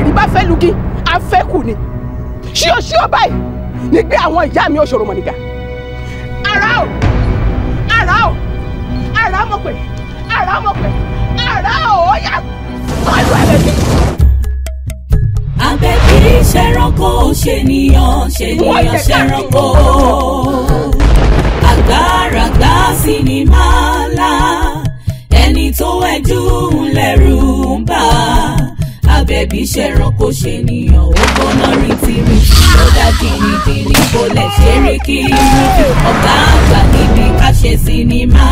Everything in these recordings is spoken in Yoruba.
lóbìnrin bá fẹ́ lugi afẹ́kù ni ṣíọ ṣíọ báyìí nígbà àwọn ìyá mi òṣòro mọ̀nìkà ara o ara o ara mọ̀ pé ara mọ̀ pé ara o ó yà pẹ̀lú ẹ̀rẹ́bí. abẹ́ kì í ṣẹranko ṣènìyàn ṣènìyàn ṣẹranko àgbàràgbà sinimá ńlá ẹni tó ẹjú ńlẹ̀rù ń bà á bẹ̀bí ṣẹranko ṣènìyàn ó gbóná rìntìrì kódà dìrìdìrì kò lẹ̀ ṣeré kí irun ọ̀gá àgbà níbi ká ṣe sinimá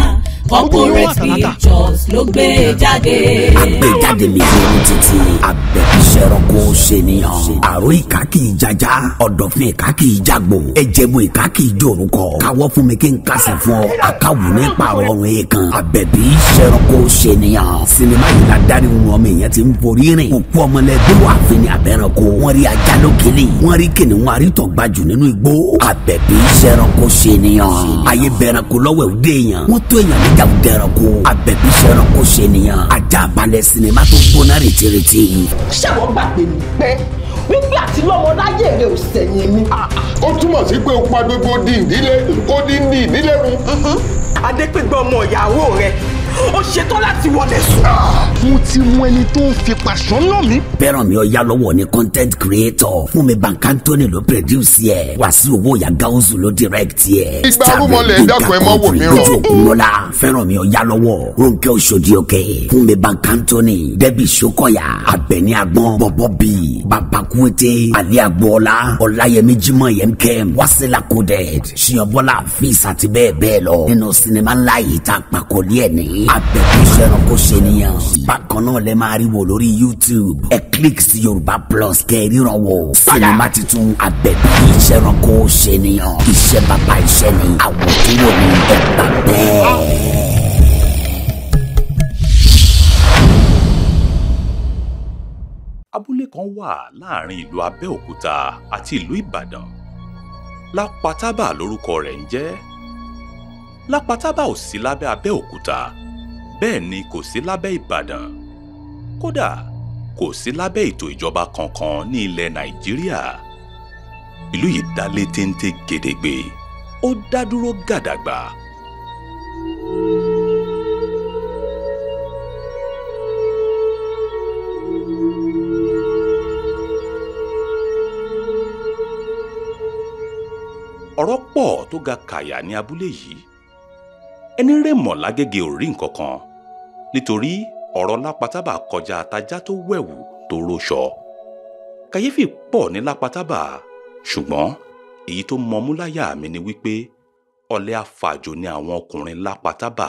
corporate pictures ló gbé jáde. àgbéjáde mi ṣe ní títí àbẹ̀bíṣẹ́ ẹranko ṣe nìyàn. àrò ìka kì í jaja ọ̀dọ̀fin ìka kì í jagbo ẹ̀jẹ̀bu ìka kì í jòrúkọ. káwọ́ fún mi kí n kásẹ̀ fún ọ akáwù ní pààrọ̀ ọ̀run yìí kan. àbẹ̀bíṣẹ́ ẹranko ṣe nìyàn. sinimá yìí la dárí wọn ọmọ èèyàn ti ń borí rìn. òkú ọmọlẹ́gbẹ́ wà fún ni àbẹ̀ranko. wọ́n rí ajá lókèlè. wọ́n rí aláyàwó dẹranko abẹ̀bí sẹranko ṣènìyàn àjàbalẹ̀ sinimá tó gbóná retireti. ṣẹ́wọ̀n gbàgbé mi pé wípé àti lọ́mọ láyé rẹ̀ ò sẹ̀yìn mi. ó túmọ̀ sí pé o pa gbogbo di ìdílé ó dín ní ìdílé run. adépégbé ọmọ ìyàwó rẹ ó ṣetán láti wọlé sùn. mo ti mú ẹni tó ń fipá ṣọ́nà mi. bẹ́ẹ̀rọ mi ò yá lọ́wọ́ ní content creator fún mi Bankantoni ló produce yẹ Wàsíù owó ìyá gáúsù ló direct yẹ. ìgbà arúmọlẹ̀ ẹ̀dàkùn ẹ̀ mọ́ wò mí rọ. òkúnlọ́lá fẹ́ràn mi ò yá lọ́wọ́ Rónkẹ́ Òṣòdì òkè fún mi Bankantoni Dẹ́bì Ṣókọ̀yà Àbẹ̀ní Agbọ́n Bọ̀bọ̀ Bì Babakunte Alẹ́ Agboola Ọláyẹmí Jímọ̀ Yemkem Wásílà Coded Ṣìyànbọ́lá Fíìs àti bẹ́ẹ̀ bẹ́ẹ̀ àgbẹ̀bí sẹ́ranko ṣènìyàn bákan náà lẹ máa rí wò lórí youtube ẹ click sí yorùbá plus kẹ́ ẹ ríran wò sinimá titun àgbẹ̀bí sẹ́ranko ṣènìyàn iṣẹ́ bàbá iṣẹ́ ni àwòtúwò ni ẹ gbà bẹ́ẹ̀. abúlé kan wà láàrin ìlú abẹ́òkúta àti ìlú ìbàdàn lápátábà lórúkọ rẹ̀ ń jẹ́ lápátábà ò sí lábẹ́ abẹ́òkúta bẹ́ẹ̀ ni kò sí lábẹ́ Ìbàdàn kódà kò sí lábẹ́ ètò ìjọba kankan ní ilẹ̀ Nàìjíríà ìlú yìí dá lé téńté gedegbe ó dá dúró gàdàgbà. ọ̀rọ̀ pọ̀ tó ga kàyà ní abúlé yìí ẹni rẹ̀ mọ̀ lágége ò rí nǹkan kan nítorí ọ̀rọ̀ lápátábà kọjá àtajá tó wẹ̀wù tó róṣọ. kàyéfì pọ̀ ní lápátábà ṣùgbọ́n èyí tó mọmú láyà mi ni wípé ọ̀lẹ afàjò ni àwọn ọkùnrin lápátábà.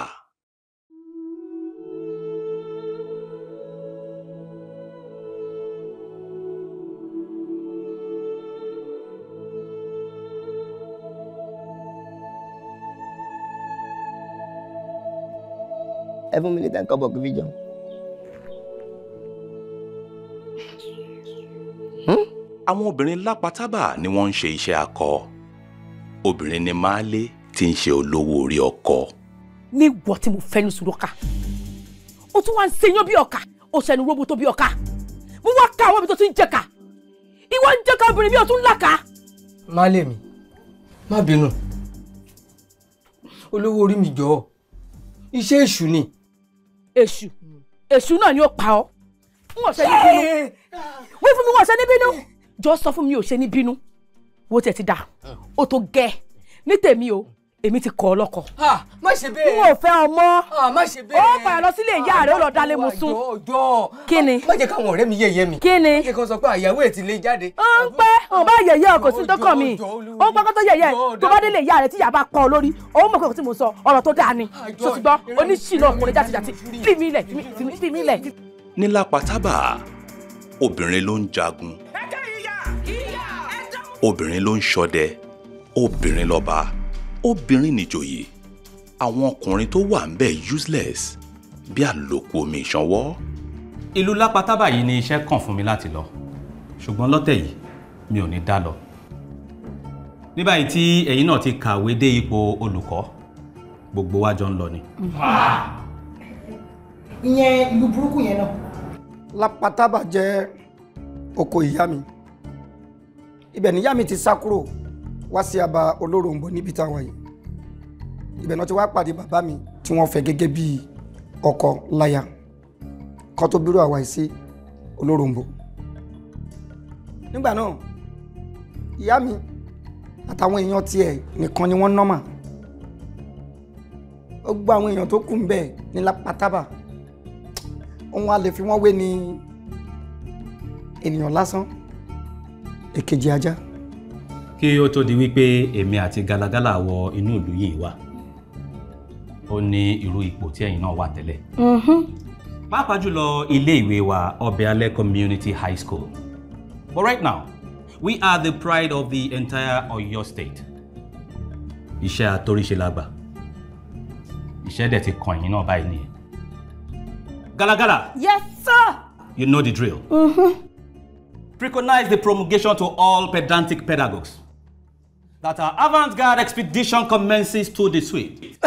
ẹ fún mi ní ten kọ́bọ̀ kí fi jẹun. àwọn obìnrin lápatábà ni wọ́n ń ṣe iṣẹ́ akọ obìnrin ni máàlé tí ń ṣe olówó orí ọkọ. ní ìwọ tí mo fẹ́ ní sùrọ́kà o tún wá ń ṣèyàn bí ọkà o ṣẹ̀nu róbó tó bí ọkà mo wá ka àwọn ibi tó ti ń jẹ̀ka ìwọ ń jẹ̀ka obìnrin mi ò tún làkà. máàlé mi má bínú olówó orí mi jọ̀ọ́ iṣẹ́ èṣù ni èṣù èṣù náà ni ó pa ọ́ n ò ṣe ní bínú wí fún mi wọn ò ṣe ní bínú jọ sọ fún mi ò ṣe ní bínú wo tẹ̀ ti dà ó ah. tó gẹ́ ní tèmi o èmi ti kọ́ ọ lọ́kọ. má ṣe bẹ́ẹ̀. n ò fẹ́ ọmọ. má ṣe bẹ́ẹ̀. ó padà lọ sílé ìyá rẹ̀ ó lọ dalẹ̀ mu sùn. ọjọ́ kí ni. má jẹ́ káwọn ọ̀rẹ́ mi yẹ̀yẹ́ mi. kí ni. kí kan sọ pé àyàwó ẹ̀ ti lè jáde. ó ń pẹ́ òun bá yẹ̀yẹ́ ọkọ̀ sí dọ́kàn mi. ó ń pẹ́ kó tó yẹ̀yẹ́ tó bá délé ìyá rẹ̀ tí yàrá bá pa ọ lórí. òun mọ̀ pé kò tí mo sọ ọ̀rọ̀ tó dáa ni. sọ̀tùgbọ́ mi lẹ̀ mi lẹ̀. nílá pátábà obìnrin ló ń jagun obìnrin ló ń obìnrin nìjòyè àwọn ọkùnrin tó wà ń bẹ̀ useless bí àlòkù omi ìṣanwọ́. ìlú lápátábà yìí ni iṣẹ́ kàn fún mi láti lọ ṣùgbọ́n lọ́tẹ̀ yìí mi ò ní dá lọ. ní báyìí tí ẹ̀yin náà ti kàwé dé ipò olùkọ́ gbogbo wa ń lọ ni. ìyẹn ìlú burúkú yẹn náà. lápátábà jẹ́ oko ìyá mi ibẹ̀ níyá mi ti sá kúrò wá sí aba olóròǹbó níbi táwa yìí ibẹ̀ náà ti wá pàdé bàbá mi tí wọ́n fẹ́ gẹ́gẹ́ bí ọkọ láya kọ́ tó bírò àwa yìí sí olóròǹbó nígbà náà ìyá mi àtàwọn èèyàn tiẹ̀ nìkan ni wọ́n nọ́mà ó gbọ́ àwọn èèyàn tó kù ń bẹ̀ ní lápátábà òun a lè fi wọ́n wé ni ènìyàn lásán èkejì ajá. E kí ó tó di wípé èmi àti galagala wọ inú ìlú yìí wá ó ní irú ipò tí ẹ̀yin náà wà tẹ́lẹ̀. Mm-hmm. pàápàá jùlọ ilé ìwé wa ọbẹ̀ alẹ́ community high school but right now we are the pride of the entire Oyo state. iṣẹ́ àtòríṣe la gbà iṣẹ́ dẹ̀ ti kàn yín náà báyìí nìyẹn. galagala. yes sir. you know the drill. Mm-hmm. Preconize the promulgation to all pedantic pedagogues that our avant-garde expedition commences to this week.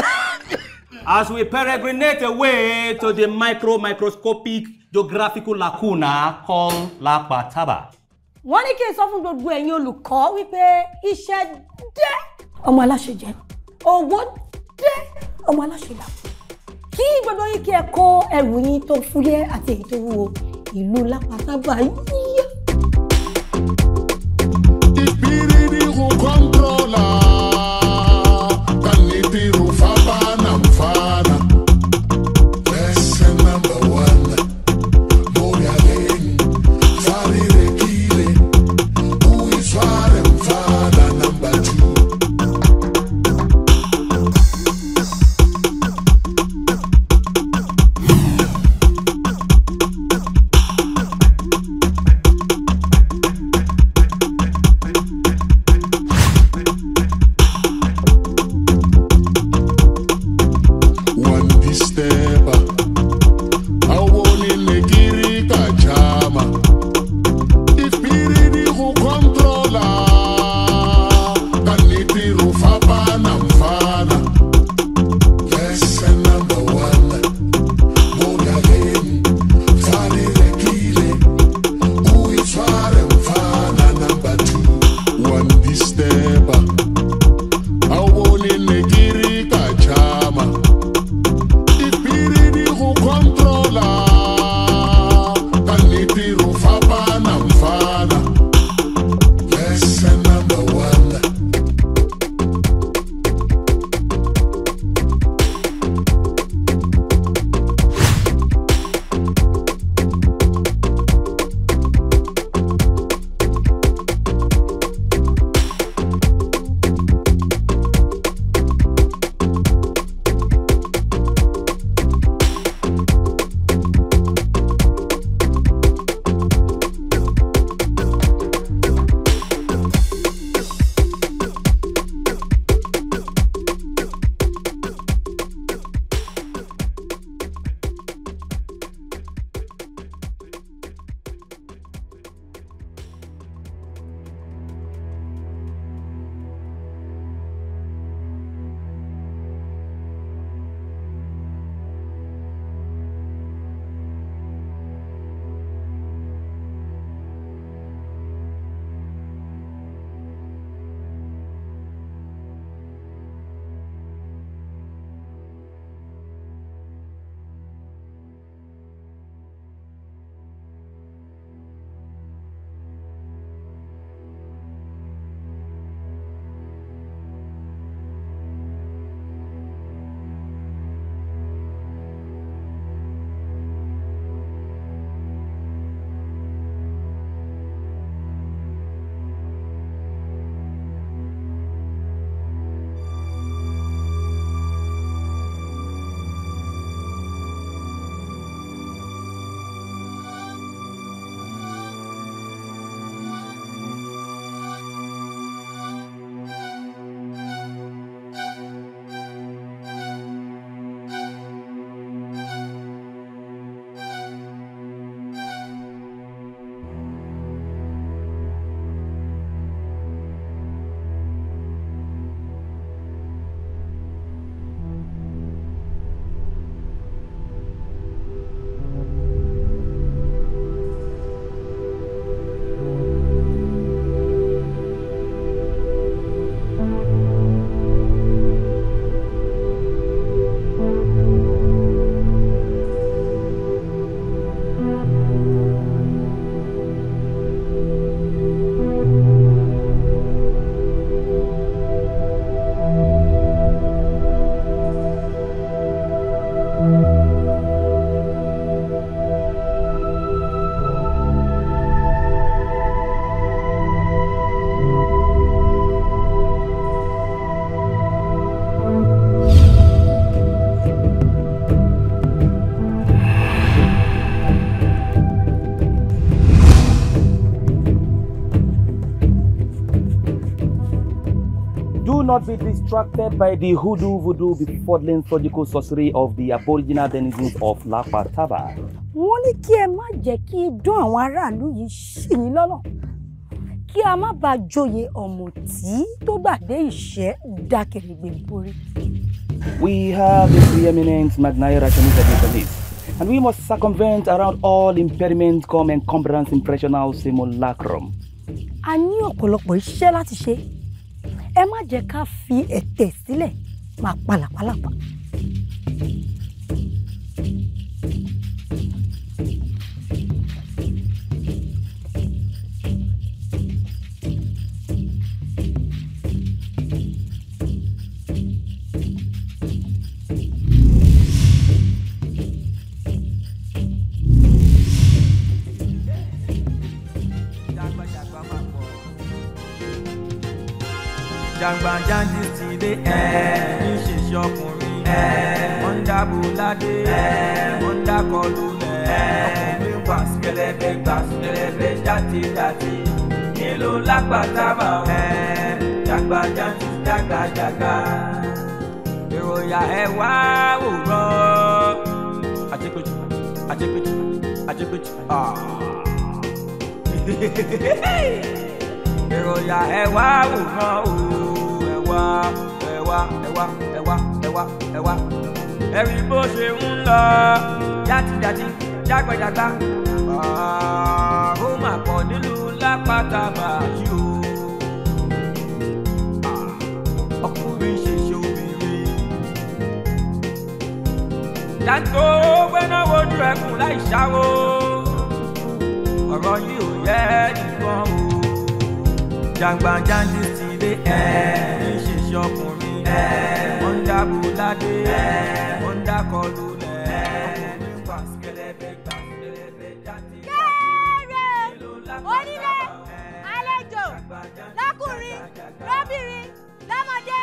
As we peregrinate away to the micro-microscopic geographical lacuna called Lapataba. Wọ́n ní kí n sọ fún gbogbo ẹ̀yin olùkọ́ wípé iṣẹ́ dé ọmọ aláṣẹ jẹ, owó dé ọmọ aláṣẹ là. Kí gbogbo yín kí ẹ kó ẹrù yín tó fúyẹ́ àti èyí tó wúwo ìlú Lapataba yíyá. Ìbírí algo controla. cannot be distracted by the hoodoo voodoo befuddling surgical sorcery of the aboriginal denizens of Lapataba. wọ́n ní kí ẹ má jẹ́ kí idán àwọn aráàlú yìí ṣì yín lọ́nà kí a má bàa joyè ọ̀mùtí tó gbàdé ìṣẹ́ dákẹ̀rẹ̀gbẹ̀ borí. We have the preeminent Magnaya Rationist Editionist and we must circumvent around all impediments come encumbrance impressional simulacrum. A ní ọ̀pọ̀lọpọ̀ iṣẹ́ láti ṣe ẹ má jẹ́ ká fi ẹ̀tẹ̀ sílẹ̀ máa palàpalàpà. ẹ wá òwúrọ̀. àjẹpẹ̀jù àjẹpẹ̀jù àjẹpẹ̀jù. Ah. ìròyà ẹ wá òwúrọ̀ o ẹ wá ẹ wá ẹ wá ẹ wá ẹ wá ẹ wá. ẹ bó ṣe ń lọ játidàtí jágbàjàgbà. Ah, ó mà pọ̀ nílùú lápátábà. tó gbénáwó ju ẹkùn láì ṣáwó ọ̀rọ̀ yìí ò yẹ nìkan o jàgbàjáde ti lé ẹ ní ṣèṣe ọkùnrin ẹ wọ́n ń dábò ládé ẹ wọ́n ń dákọlù lẹ ọkùnrin wà sílẹ̀bẹ̀ gbà sílẹ̀bẹ̀ jáde. kéré onílé àlejò lọ́kùnrin lóbìnrin lọ́mọdé.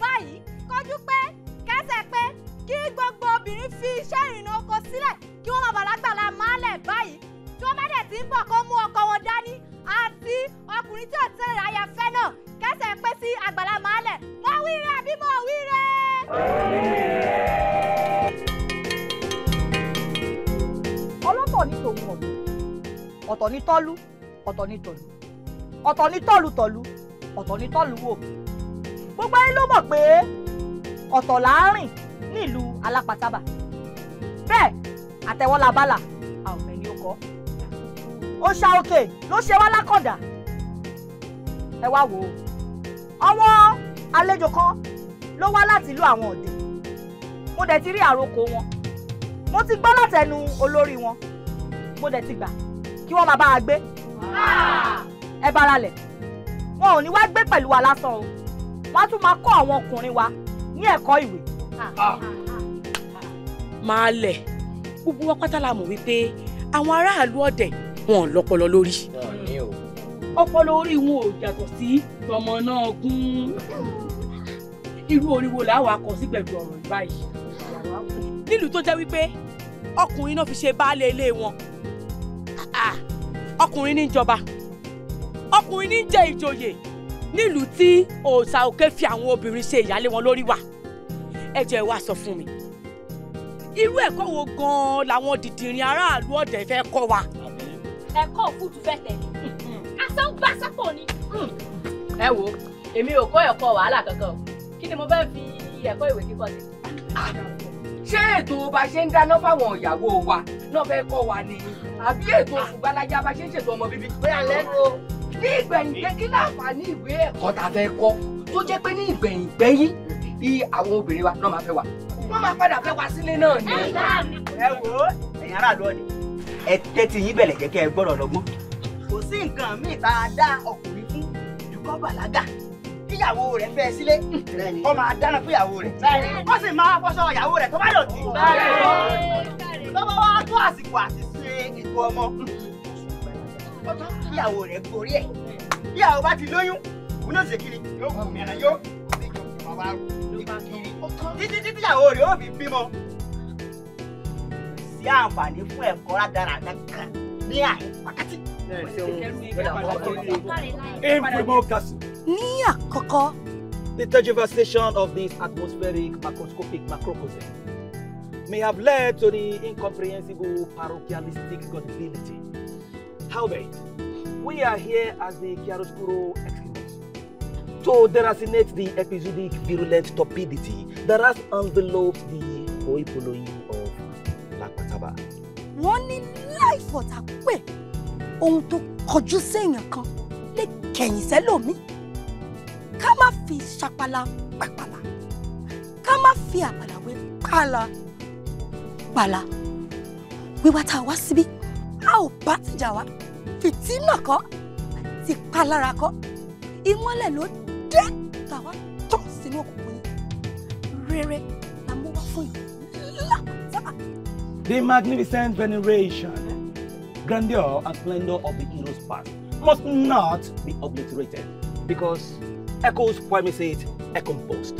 báyìí kọjú pé kẹsẹ̀ pé kí gbogbo obìnrin fi iṣẹ́ ìrìnnà oko sílẹ̀ kí wọ́n má bàlágbàlà málẹ̀ báyìí tí wọ́n bá dẹ̀ ti ń bọ̀ kó mú ọkọ wọn dání àti ọkùnrin tí ò tẹ́ ìráyà fẹ́ náà kẹsẹ̀ pé sí àgbàlá málẹ̀ mo wíire àbí mo wíire. ọlọ́tọ̀ ní tòun ọ̀gbìn ọ̀tọ̀ ní tọ́lú ọ̀tọ̀ ní tòlú ọ̀tọ̀ ní tọ́lù tọ́lú ọ̀tọ̀ ní tọ́lù wò gbogbo ayé ló mọ̀ pé ọ̀tọ̀ là á rìn nílùú alápatàbà bẹ́ẹ̀ àtẹ̀wọ́ la bálà a ò mẹ́ni ó kọ́ òòṣà òkè ló ṣe wá lákọ̀dà ẹ wá wò ó ọwọ́ àlejò kan ló wá láti ìlú àwọn ọ̀dẹ̀ mo dẹ̀ ti rí àròkọ wọn mo ti gbọ́ látẹnu olórí wọn mo dẹ̀ ti gbà kí wọ́n máa bá a gbé ẹ bára lẹ̀ wọn ò ní wá gbé pẹ̀lú wa lásán o wàá tún máa kọ́ àwọn ọkùnrin wa ní ẹ̀kọ́ ìwé. máa lẹ̀ gbogbo wa pátá la mọ̀ wípé àwọn aráàlú ọ̀dẹ̀ wọn ò lọ́pọlọ lórí. ọpọlọ orí wọn ò yàtọ̀ sí tọmọ náà gún irú oríwo làwọn akọ sí gbẹ̀gbẹ̀ ọ̀rọ̀ báyìí. nílùú tó jẹ́ wípé ọkùnrin náà fi ṣe baálé ilé wọn ah, ah. ọkùnrin ní ọkùnrin ní ìjòyè nílùú tí òòṣà òkè fi àwọn obìnrin ṣe ìyálé wọn lórí wa ẹ jẹ́ wá sọ fún mi irú ẹ̀kọ́ wo gan-an làwọn dìdìrín aráàlú ọ̀dẹ̀ fẹ́ kọ́ wa. ẹ̀kọ́ òfútu fẹ́ tẹ̀lé asán gbá sápò ni. ẹ wo èmi ò kọ́ ẹ̀kọ́ wàhálà kankan o kí ni mo fẹ́ fi ẹ̀kọ́ ìwé kíkọ́ sí. ṣé ètò bá ṣe ń dáná fáwọn ìyàwó wa náà fẹ́ kọ́ wa ni àbí ètò ṣùgbọ́n alájà bá ṣe ń ṣètò ọmọ bíbí. bóyá lẹ́nu o ní ìgbẹ̀yìngbẹ́ kí láǹfààní ìwé ẹ̀kọ́ tá fẹ́ kọ́ tó jẹ́ pé ní ìgbẹ̀yìngbẹ́yìn bí àwọn obìnrin wa náà máa fẹ́ wà wọ́n máa padà fẹ́ wá sílé náà ni. ẹ wò ó ẹ̀yin aráàlú ọ̀nì ẹ tẹ́tí yín bẹ̀lẹ̀ jẹ́ kí ẹ gbọ́dọ̀ lọ́gbọ́n. kò sí nǹkan míì tá dá ọkùnrin fún ìdúkọ́ bàlágà kíyàwó rẹ̀ fẹ́ sílé kó máa dáná fúyàwó rẹ̀ kó sì máa fọṣọ ìyàwó rẹ̀ tó bá dọ̀tí. lọ́wọ́ wá tó àsìkò àti ṣe ètò ọmọ tán ìyàwó rẹ̀ borí ẹ̀ ìyàwó bá ti lóyún òun náà ṣe kiri yóò kù mí yóò fi jọ kù rù kiri títí títí ìyàwó rẹ̀ yóò fi bímọ. sí àǹfààní fún ẹ̀kọ́ rádaràdà kan ní àyè pàkátì. Infimo Castle. Ní àkọ́kọ́. The tergiversation of this atmospheric macroscopic macrocosm may have led to the incomprehensible parochialistic godliness Talbot. We are here as the chiaroscuro experts to deracinate the episodic virulent torpidity that has enveloped the Oipoloyi of Lakpataba. Wọ́n ní láìfọ̀tà pé ohun tó kọjú séèyàn kan lè kẹ̀yìn sẹ́lòmíì. Ká má fi ṣapala pàpàlà. Ká má fi àpàlà wé pàlà pàlà. Wíwá tá a wá síbí, a ò bá tìjà wá fìtínà kọ́ ti palára kọ́ ìmọ́lẹ̀ ló dé tàwa tọ̀ sínú òkùnkùn yìí rere la mú wá fún ìlú lápátápá. The magnificent veneration, grandeur and splendor of the heroes' past must not be obliterated because echoes promises are composed.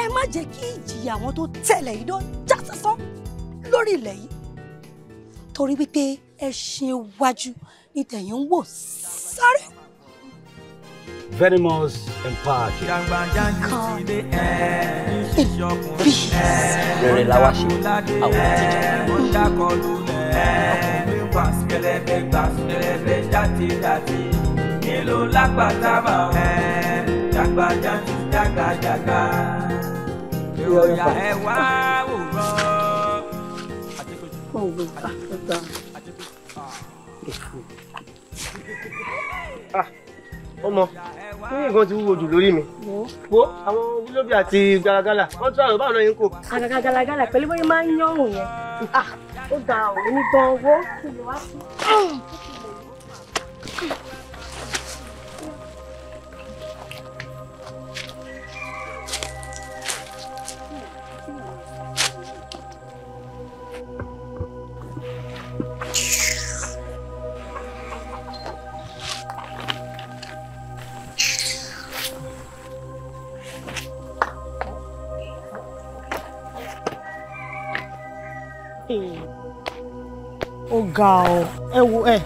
Ẹ má jẹ́ kí ìjìyà àwọn tó tẹ̀lé idán já sásán lórí ilẹ̀ yìí torí wípé ẹṣin iwájú ni tẹ̀yìn wò sáré. venomous and park. kan ẹbí rere la wá ṣe àwọn àtijọ́. nílò lágbàtà máa ń dàgbàjà ti dàgbàjàgbà. ìròyìn ẹ̀ wá òwe àgbà èkó. ọmọ ní nǹkan ti wúwo jù lórí mi wo àwọn wúlóbì àti galagala wọn tún àwọn báwọn náà yín kò. àgàgà galagala pẹ̀lú bóyá máa ń yán òun yẹn ah, ó ga òun gan owó kí ga ọ ẹ wo ẹ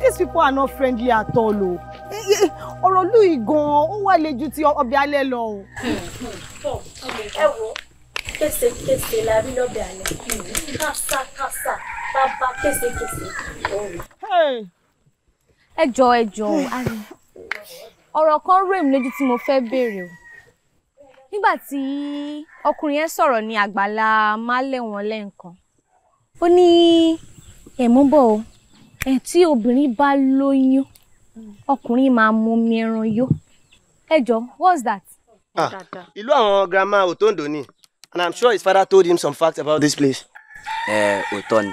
these people are not friendly at all o ọ̀rọ̀ lùi gan-an ó wà lè ju ti ọbẹ̀ alẹ́ lọ o. ẹ wo késekése la rí lọ́bẹ̀ alẹ́ kásákásá bàbá késekése. ẹ jọ ẹ jọ ọ̀rọ̀ kan rèé mi lójú tí mo fẹ́ béèrè o nígbà tí ọkùnrin yẹn sọ̀rọ̀ ní àgbàlá málẹ̀ wọn lẹ́ǹkan ó ní ẹ mú bọ̀ o ẹ tí obìnrin bá lóyún ọkùnrin máa mú omi ẹran yó ẹ jọ what's that. Ah, ìlú àwọn grandma Otondo ni and i'm sure his father told him some facts about this place. ẹ òótọ́ ni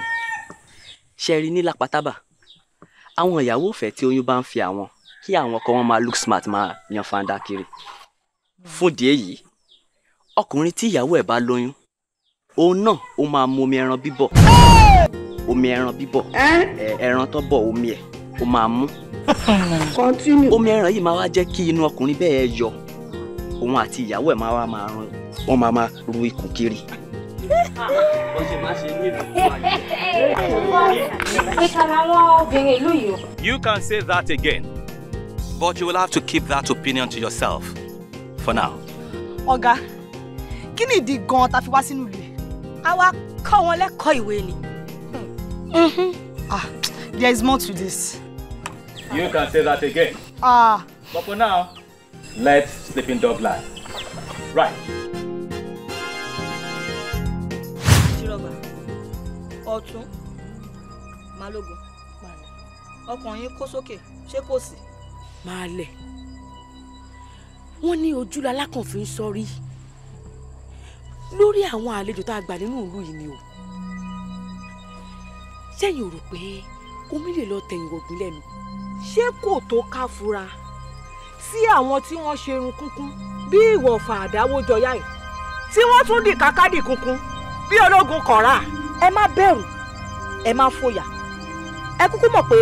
ṣe rí ní Lapataba àwọn ìyàwó ìfẹ́ tí oyún bá ń fi àwọn kí àwọn ọkọ wọn máa look smart máa yan fanda kiri fún ìdí èyí ọkùnrin tí ìyàwó ẹ̀ bá lóyún òun náà ó máa mu omi ẹran bíbọ̀ omi ẹran bíbọ̀ ẹran tó bọ̀ omi ẹ̀ ó máa mú omi ẹran yìí máa wá jẹ́ kí inú ọkùnrin bẹ́ẹ̀ yọ òun àti ìyàwó ẹ̀ máa wá máa rán wọ́n máa máa ru ikùn kiri. You can say that again, but you will have to keep that opinion to yourself for now. Ọ̀gá, kí ni ìdí gan-an ta fi wá sínú ìlú yìí? A wá kọ́ wọn lẹ́kọ̀ọ́ ìwé ni. Mm -hmm. Ah, there is more to this. You can say that again. Ah. But for now, let sleeping dog lie. Right. Chiroba, Ọ̀tún, Malogun, Malẹ̀. Ọkàn yín kó sókè, ṣé kò sí? Malẹ̀. Wọ́n ní ojú lalákàn fi ń sọrí lórí àwọn àlejò tá a gbà nínú ìlú yìí ni o sẹ́yìn ò rò pé omi lè lọ tẹ̀yìn wọ̀gbìn lẹ́nu ṣé kò tó ká fura sí àwọn tí wọ́n ṣe irun kúnkún bí ìwọ̀fà àdáwójọyá yìí tí wọ́n tún dì kákádì kúnkún bí ológun kọ̀ra ẹ má bẹ̀rù ẹ má fòyà ẹ kúkú mọ̀ pé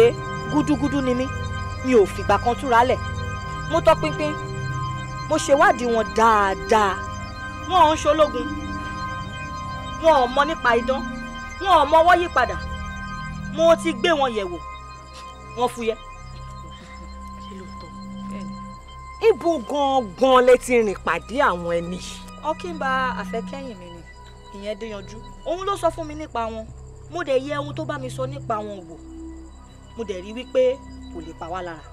gúdúgúdú ni mí mi ò fìgbà kan túra lẹ̀ mo tọpinpin mo ṣèwádìí wọn dáadáa wọn ò ń ṣológun wọn ò mọ nípa idán wọn ò mọ ọwọ́ yípadà mo ti gbé wọn yẹ̀wò wọn fúyẹ́. ibo gangan lẹ ti rìn pàdé àwọn ẹni. ọkínba àfẹ́kẹ́yìn mi ni ìyẹn dé yanjú òun ló sọ fún mi nípa wọn mo dẹ̀ yẹ ohun tó bá mi sọ nípa wọn wò mo dẹ̀ rí wípé kò lè pa wá lára.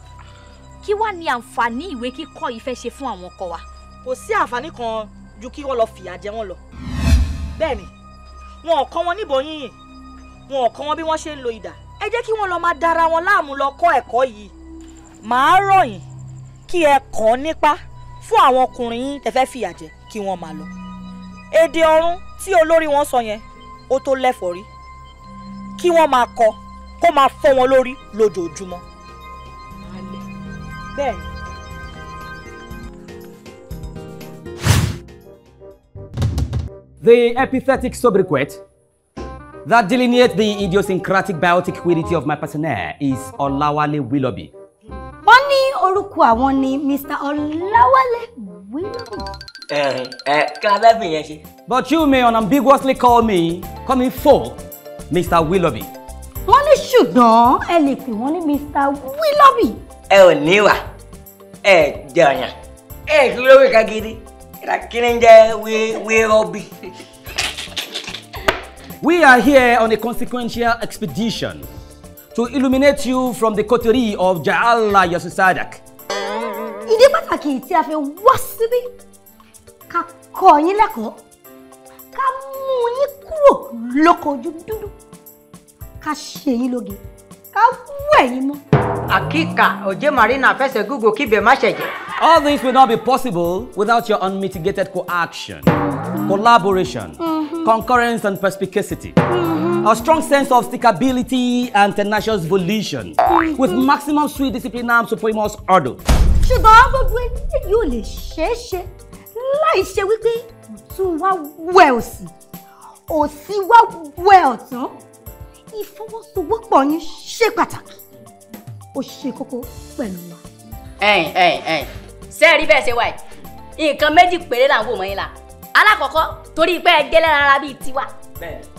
kí wàá ní àǹfààní ìwé kíkọ yìí fẹ́ ṣe fún àwọn ọkọ wa. kò sí àǹfààní kan ju kí wọ́n lọ fìyà jẹ wọ́n lọ bẹ́ẹ̀ ni wọn ò kọ́ wọn níbọn yíyìn wọn ò wọn bí wọ́n ṣe ń lo idà ẹ jẹ́ kí wọ́n lọ máa dara wọn láàmú lọ kọ́ ẹ̀kọ́ yìí màá rọ̀ kí ẹ kàn nípa fún àwọn ọkùnrin yín tẹ́ fìyà jẹ kí wọ́n máa lọ èdè ọ̀run tí olórí wọn sọ yẹn ó tó lẹ́fọ̀rí kí wọ́n máa kọ kó máa fọ́ wọn lórí lójoojúmọ́ The epithetic sobriquet that delineates the idiosyncratic biotic quality of my personnel is Olawale Willoughby. Wọ́n ní orúkọ àwọn ni Mr. Olawale Willoughby. Ẹ ẹ kí la fi yẹn ṣe. But you may unambiguously call me call me fo Mr. Willoughby. Wọ́n ní ṣùgbọ́n ẹ lè pè wọ́n ní Mr. Willoughby. Ẹ ò níwà, ẹ jẹ̀yàn, ẹ ìṣúlówó ìkagidi, ìràkínní jẹ́ wé We are here on a consequential expedition to illuminate you from the coterie of Ja'ala Yasusadak. Ìdí pàtàkì tí a fi wá síbí ká kọ́ yín lẹ́kọ̀ọ́ ká mú yín kúrò lóko dúdú ká ṣe yín lóge ká wú ẹ̀yìn mọ́. Àkíkà òjé Marina fẹsẹ̀ gúgò kíbẹ̀ má ṣẹ̀jẹ̀. All this will not be possible without your unmitigated coaction, collaboration. Mm concurrence and perspicacity, a strong sense of stickability and tenacious volition, with maximum sweet discipline and supremous order. ṣùgbọ́n gbogbo eléyìí yóò lè ṣeé ṣe láì ṣe wípé ọ̀tún wá wẹ̀ òsì òsì wá wẹ̀ ọ̀tún ìfọwọ́sowọ́pọ̀ yín ṣe pàtàkì ó ṣe kókó pẹ̀lú wa. ẹ̀yin ẹ̀yin ẹ̀yin ṣé ẹ rí bẹ́ẹ̀ ṣe wáyé nǹkan méjì péré là ń wò mọ́ yín la alákọ̀ọ́kọ́ torí pé ẹ gẹ́lẹ́ bíi tiwa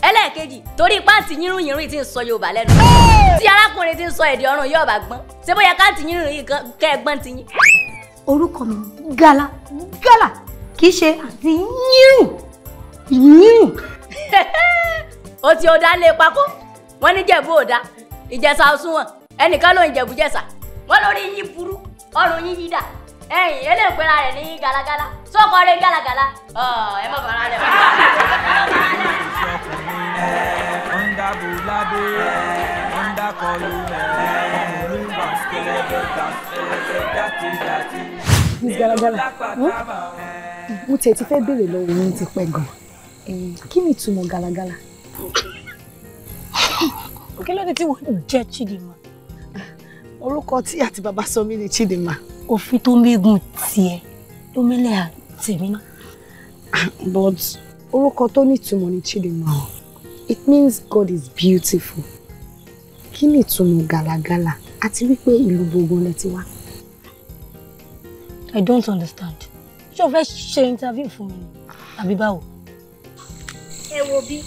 ẹlẹ́ẹ̀kejì torí pàǹtí yírùn yírùn tí ń sọ yorùbá lẹ́nu tí arákùnrin tí ń sọ èdè ọ̀run yóò bá gbọ́n ṣé bóyá káǹtí yírùn yìí kẹ́ ẹ gbọ́n ti yín. orúkọ mi gala gala kì í ṣe àti yírùn yírùn. o ti ọ̀dà lè e pakó wọ́n ní jẹ̀bú ọ̀dà ìjẹ̀ṣà òṣùwọ̀n ẹnìkan ló ń jẹ̀bú jẹ̀ṣà wọ́n lórí yín burú ọrùn yín yí dà ẹ̀yin eléyìí pera rẹ̀ ní galagala sọ́kọ rẹ̀ galagala ẹ má bàa rẹ̀ wá. ọ̀ndà bùlábé ọ̀ndà kọlu ọ̀mùrún bàtìkẹ́lẹ́ bàtìkẹ́lẹ́ dátidátì. miss galagala mo tẹ̀ ti fẹ́ béèrè lọ́wọ́ yín ti pẹ́ gan-an kí ni ìtumọ̀ galagala. kí ló tí wọ́n jẹ́ chidinma orúkọ tí àti bàbá sọ mí ni Chidinma. òfin tó mégun tiẹ̀ tó mẹ́lẹ̀ tèmi náà. Ah, but orúkọ tó nítumọ̀ ni Chidinma o it means God is beautiful kí ni ìtumọ̀ gàlàgàlà àti wípé ìlú gbogbo lẹ ti wá. I don't understand. Ṣé o fẹ́ ṣe interview fún mi ni? Àbí báwo? Ẹ wo bí,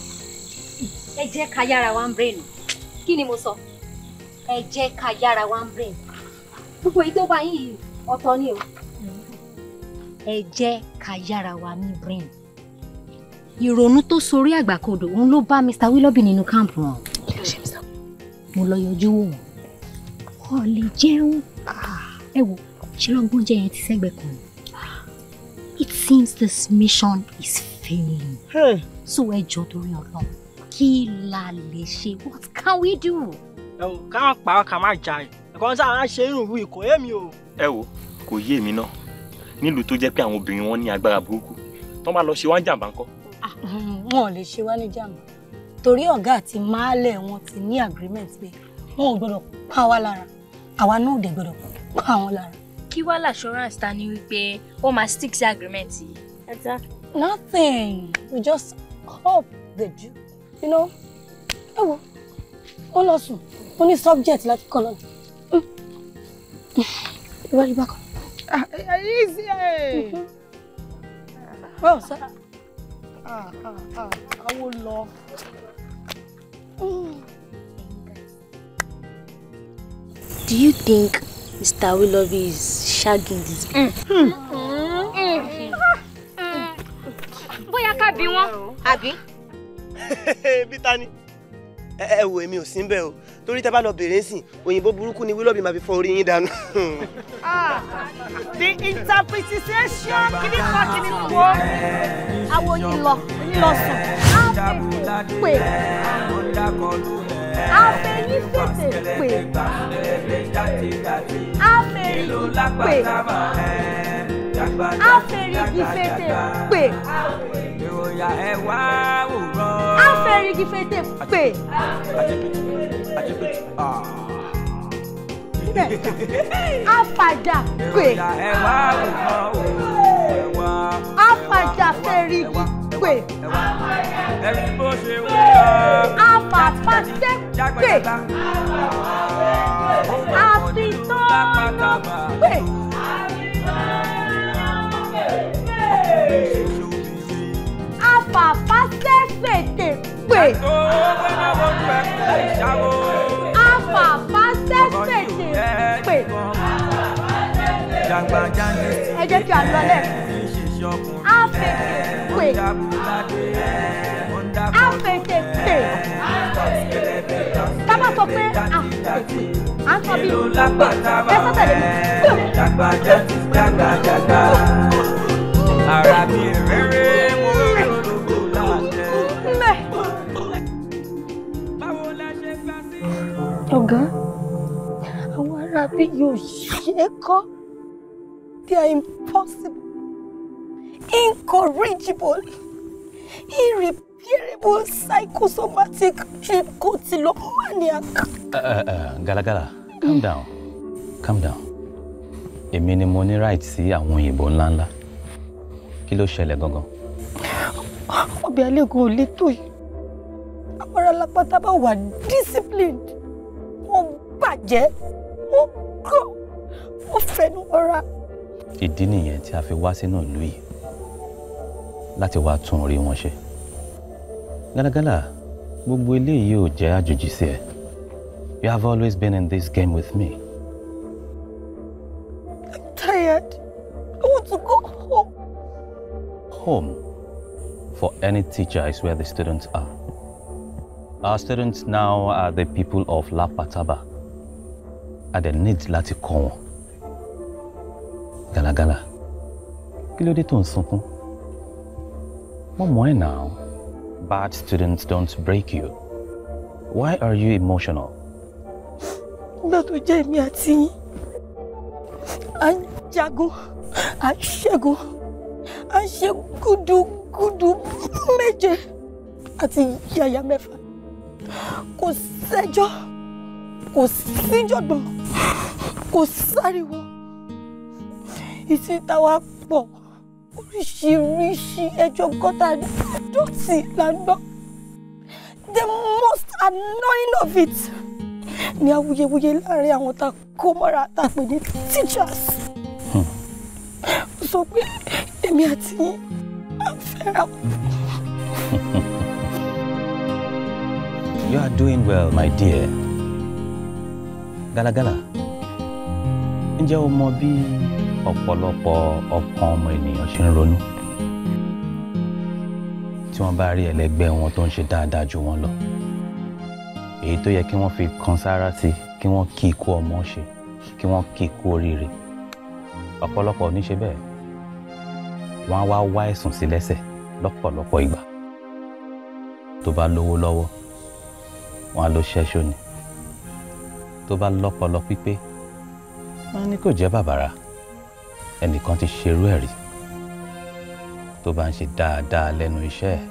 ẹ jẹ́ ká yára wá ń bẹ̀rẹ̀ nù. Kí ni mo sọ? ẹ jẹ́ ká yára wá ń bẹ̀ gbogbo èyí tó bá yín yìí ọ̀tọ̀ ni o ẹ jẹ́ ká yára wa ní brain ìrònú tó sorí àgbàkodò òun ló bá Mr. Willoughby nínú káàmpù wọn mo lọ yọjú wò wọn ọ lè jẹun ẹ wo ṣe lọgbọn jẹ yẹn ti sẹgbẹ kan it seems this mission is failing hey. so ẹ jọ torí Ọlọ́run kí la lè ṣe what can we do ẹ wò ká má pa ká má jà ẹ ẹ̀kọ́ sáà á ṣe irun ìwé kò yé mi o. ẹ wò kò yé mi náà nílùú tó jẹ́ pé àwọn obìnrin wọn ní agbára burúkú tó bá lọ ṣe wá jàǹbá ńkọ́. Ah, wọn ò lè ṣe wá ní jàǹbá torí ọ̀gá àti máàlẹ̀ wọn ti ní agreement pé wọn ò gbọ́dọ̀ pa wá lára àwa náà ò dẹ̀ pa wọn lára. kí wàá l'assurance ta ni wípé ó máa stick sí agreement yìí. nothing we just hope the do you know ẹ wo wọn lọ sùn mo ní subject láti kọ́ lọ́nà. Mm. ìwà ìbá kan. Ah, easy ẹ̀. báwo sá. àwo lọ. Do you think Mr. Willoughby is shagging this girl? Mm. Hmm. Bóyá ká bí wọ́n. Àbí. Bí ta ni? Ẹ wo èmi ò sí ń bẹ̀ o torí tẹ́ bá lọ bèrè sí òyìnbó burúkú ni wílọ́ọ̀bì máa fi fọ orí yín dànù. Ah, the interpretation kìíní kan kìíní wo àwọn yìí lọ yìí lọ sùn á fẹ́ pè á fẹ́ yín fètè pè á mẹ́rin pè á fẹ́rin yìí fètè pè fẹ́ rí kí fètè pè. àfàjà pè. àfàjà fẹ́ rí kí pè. àfàfà tẹ́ pè. àfitọ́nà pè. Àfàfà tẹ́ pè pè. afàfàṣẹ́ṣẹ̀ṣẹ̀ pè. ẹ jẹ́ kí a lọ lẹ́ẹ̀kan. afètè pè. afètè pè. ká má sọ pé àfètè à ń sọ bí ẹ sọ́tẹ̀ lè mú. dàgbàjà dàgbàjà ara mi rẹ̀. Abi, you shako. They are impossible, incorrigible, irreparable, psychosomatic trichotillomaniac. Uh, uh, uh, Galagala, calm down. Calm down. Èmi ni mo ní right sí àwọn òyìnbó ńláńlá. Kí ló ṣẹlẹ̀ gangan? Ọbẹ̀ Alẹ́gùn ò lè tó yìí. Àwọn alápátá bá wà disciplined. Wọ́n bàjẹ́ ó kọ̀ ó fẹnu ọ̀ra. ìdí nìyẹn tí a fi wá sínú ìlú yìí láti wá tún orí wọn ṣe gálagálà gbogbo eléyìí ò jẹ́ àjòjì sí ẹ you have always been in this game with me. I'm tired. I want to go home. Home for any teacher is where the students are. Our students now are the people of La Pataba a dẹ̀ need láti kọ́ wọn gàlagàla kí ló dé tó ń sunkún wọ́n mọ̀ ẹ́ náà bad students don't break you why are you emotional. nígbà tó jẹ́ èmi àti yín à ń jagun à ń ṣẹ́gun à ń ṣe gúdúgúdú méje àti yàyà mẹ́fà kò sẹ́jọ́ kò síjọ̀gbọ̀n kò sáriwo ìsìta wa pọ̀ oríṣiríṣi ẹjọ́ gọ́tà dọ̀tí là gbọ́ the most annoying of it ni awuyewuye láàrin àwọn tá kó mọ́ra tá pè ní teachers sọ pé èmi àti yín fẹ́ra You are doing well, my dear gálágálá ǹjẹ́ o mọ bí ọ̀pọ̀lọpọ̀ ọkàn ọmọ ènìyàn ṣe ń ronú tí wọ́n bá rí ẹlẹgbẹ́ wọn tó ń ṣe dáadáa ju wọn lọ èyí tó yẹ kí wọ́n fi kan sára sí kí wọ́n kí ikú ọmọ ṣe kí wọ́n kí ikú oríire ọ̀pọ̀lọpọ̀ ní bẹ́ẹ̀ wọ́n á wá wá ẹ̀sùn sí lẹ́sẹ̀ lọ́pọ̀lọpọ̀ ìgbà tó bá lówó lọ́wọ́ wọ́n á lọ ṣẹ́ṣó ni tó bá lọ́pọlọ pípé máa ní kò jẹ́ bàbàrà ẹnìkan ti ṣerú ẹ̀ tó bá ń ṣe dáadáa lẹ́nu iṣẹ́ ẹ̀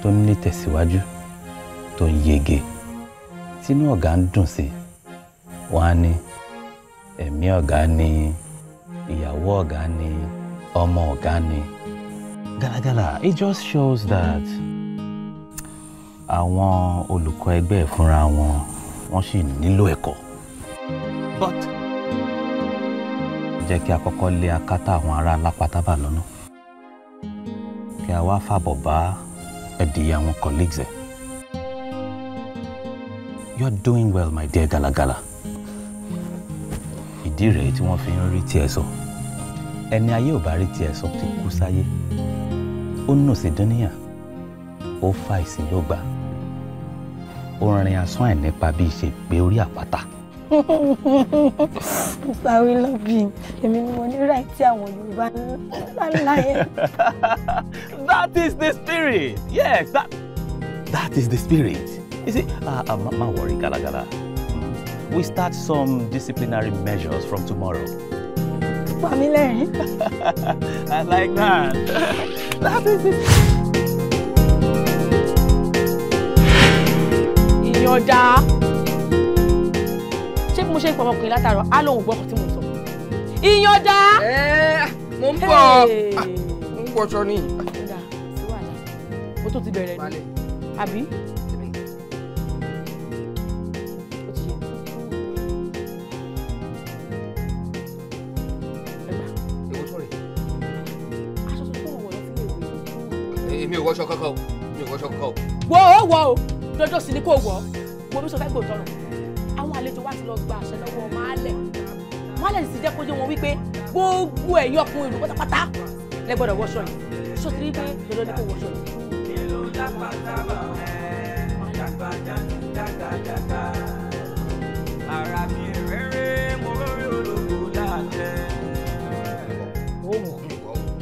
tó ń ní tó ń yege tínú ọ̀gá ń dùn sí wọn á ní ẹ̀mí ọ̀gá ni ìyàwó ọ̀gá ni ọmọ ọ̀gá ni gàlàgàlà it just shows that àwọn olùkọ́ ẹgbẹ́ fúnra wọn wọ́n sì nílò ẹ̀kọ́. but jẹ́ kí a kọ́kọ́ lé akátá àwọn ará alápatàbà lọ́nà kí a wá fàbọ̀ bá ẹ̀dìyẹ àwọn colleagues ẹ̀. you are doing well my dear Galagala ìdí rèé tí wọ́n fi ń rí tiẹ̀ sọ ẹni ayé ò bá rí tiẹ̀ sọ ti kú sáyé ó nù sí dúníyà ó fà ìsìn ló gbà orin asán àìnípa bíi ṣe pé orí àpáta. sáré lọ́bì èmi ni mo ní ráì àwọn yorùbá ní láláyé. that is the spirit yes that, that is the spirit you see uh, uh, má worry galagala we start some disciplinary measures from tomorrow. pa mí lẹ́rìn i like that that is it. èèyàn dá ṣé mo ṣe ń pọ̀ ọmọkùnrin látàárọ̀ á lóun gbọ́ ọkọ̀ tí mo sọ ìyàn dá. Eh, mo ń bọ̀ ah, mo ń wọṣọ ni. ó tó ti bẹ̀rẹ̀ ni àbí. lọ́jọ́ sí ni kò wọ̀ wo bí sọfẹ́ gbòòtọ́ rẹ̀ àwọn àlejò wa ti lọ gba àṣẹ lọ́wọ́ maálẹ̀ maálẹ̀ sì jẹ́ kó yé wọn wípé gbogbo ẹ̀yin ọkùnrin ìlú pátápátá lẹ gbọ́dọ̀ wọṣọ yìí ṣó ti rí lọ́jọ́ ni kò wọṣọ yìí. ìlú lápátábà ẹ̀ dàgbàdàgbà ara mi rere mo lórí olóko láàtẹ̀.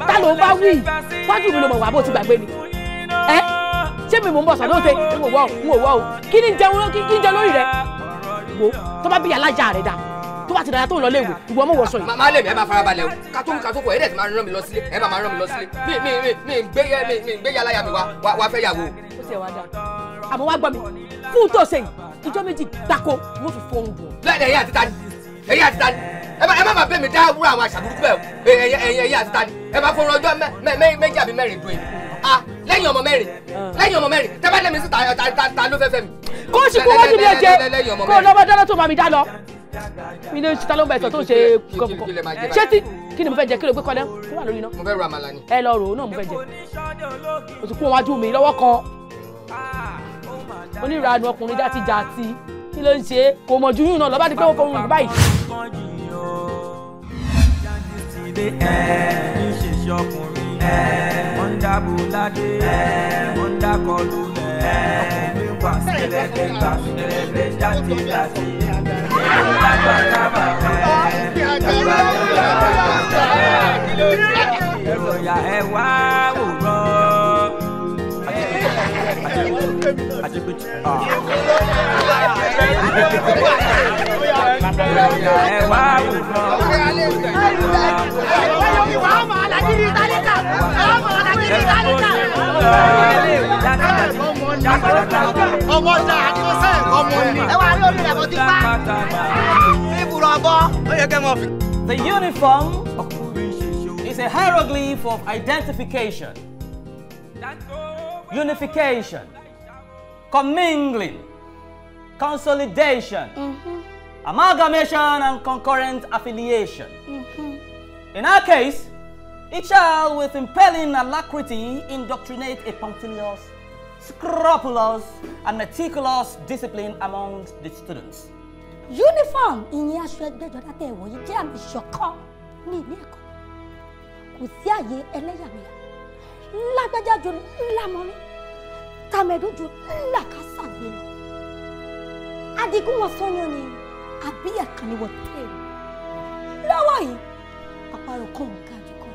ta ló bá wí wájú mi ló mọ̀ wá bó ti gbàgbé ni sẹ́mi mò ń bọ̀ sàdóńtè ń wò wá o ń wò wá o kí ni jẹun kí ni jẹun lórí rẹ wo tó bá bí alájà rẹ dá tó bá ti dára tó ń lọ léwu ìwọ mọ wọsọ yìí. máa lè mi ẹ máa fara balẹ̀ o kátó kátó kọ ẹ dẹ̀ ti máa rán mi lọ sílé ẹ máa máa rán mi lọ sílé mi mi mi mi gbé yẹ mi mi gbé yàrá yà mi wá wá fẹ́ yàwó. ó sì ẹ wá dá àmọ́ wá gbọ́ mi fún tó ṣe yìí ìjọ méjì gbáko ni wọ́n fi fọ́ ohun bọ̀. lẹ́yìn ẹ̀yìn àti tani ẹ̀yìn àti tani ẹ má ẹ má máa bẹ̀ dá wúrà àwọn àṣà burúkú bẹ́ẹ̀ ẹ̀yìn àti tani ẹ má fọ́nrán lẹ́yìn ọmọ mẹ́rin lẹ́yìn ọmọ mẹ́rin tẹ́ bá lẹ́mi sí ta ta ta ló fẹ́ fẹ́ mi. kó o sì kú wọ́n ti ní ẹ̀jẹ̀ kó o lọ́mọ dáná tó máa mi dá lọ mi ní ṣe tálọ́mọ ẹ̀sọ́ tó ń ṣe kọ̀ọ̀kọ̀ ṣé tí kí ni mo fẹ́ jẹ kí ló gbé kọ́lẹ́ kó wà lórí iná. mo fẹ́ ro àmàlà ni. ẹ lọ rò ó náà mo fẹ́ jẹ o ti kú wọn wájú mi lọ́wọ́ kan onírànú ọkùnrin dá ti jà àti kí ló ń ṣe kò mọ̀ ju yún náà lọ́ba ti pé wọ́n fọ́ wọn wọ́n dá bùládé wọ́n dá kọlu lẹ̀ ọkùnrin wà sílẹ̀lẹ̀ gbà sílẹ̀lẹ̀ jáde jáde èmi lágbà kábà ẹ̀ lágbà kábà ẹ̀ ẹ̀rọ̀yà ẹ̀ wá. Adégbèjì. ẹ The uniform is a hieroglyph of identification, unification commingling, consolidation, mm -hmm. amalgamation, and concurrent affiliation. Mm -hmm. In our case, it shall, with impelling alacrity, indoctrinate a punctilious, scrupulous, and meticulous discipline among the students. Uniform in your ìyẹn aṣọ ẹgbẹ́jọdá tẹ̀ wọ̀nyí jẹ́ àmì ìṣọ̀kan ní ilé ẹ̀kọ́ kò sí àyè ẹlẹ́yàmẹ̀yà lágbájá jù ńlá mọ́rin tàmẹ̀dójú ńlá ká sàgbé lọ adigun wọn sọyàn ni àbí ẹ̀kan ni wọ́n tẹ̀ lọ́wọ́ yìí àparò kan ò ga jù kan.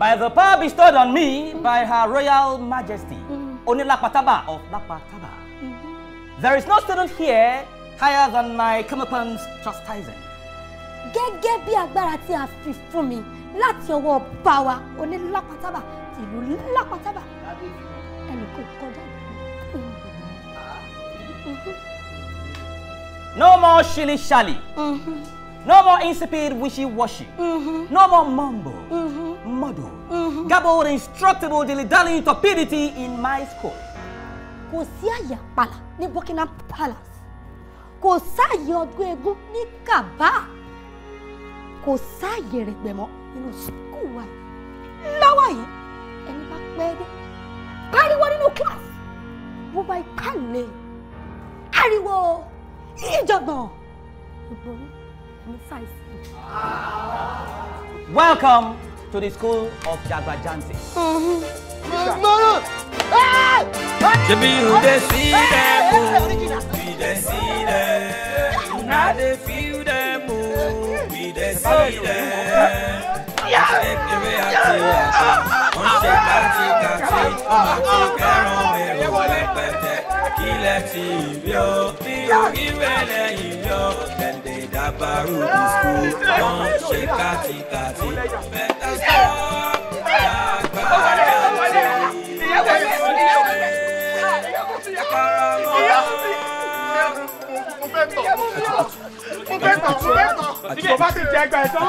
by the power bestowed on me mm. by her royal majesty mm. Mm-hmm. Onilapataba of Lapataba mm -hmm. there is no student here higher than my comeuppance chastising. gẹ́gẹ́ bí agbára tí a fi fún mi láti ọwọ́ ọba wa Onílapataba tìlú Lapataba Mm-hmm. No more shilly shally. Mm -hmm. No more insipid wishy washy. Mm -hmm. No more mumble mm -hmm. muddle, mm mm-hmm. gabbled, instructable, dilly dally torpidity in my school. Kò sí àyè àpàlà ní Buckingham Palace. Kò sáàyè ọdún eégún ní Kàbá. Kò sáàyè rẹ̀gbẹ̀mọ́ eni sùkúù pariwo nínú class bó bá ipá lè ariwo ìjọ̀gbọ̀n ìgbóni ní sáìsì. welcome to the school of Jagbajanti. ṣebí o dey see dem o we dey see dem na dey feel dem o we dey see dem ṣe kéré àti àṣà ó ń ṣe kàtìkàtì ọmọ tó kẹrùn mẹ́rù rẹpẹtẹ kílẹ̀ tí ìbí o bí orí wẹ̀lẹ̀ ìbí o tẹ̀lé dàbàrú ìsukù ó ń ṣe kàtìkàtì mẹ́ta sọ àgbà àti ìṣẹ̀lẹ̀ karamọ́. mo fẹ́ tọ̀ mo fẹ́ tọ̀ mo fẹ́ tọ̀ ìjọba ti jẹ ẹgbẹ́ tán.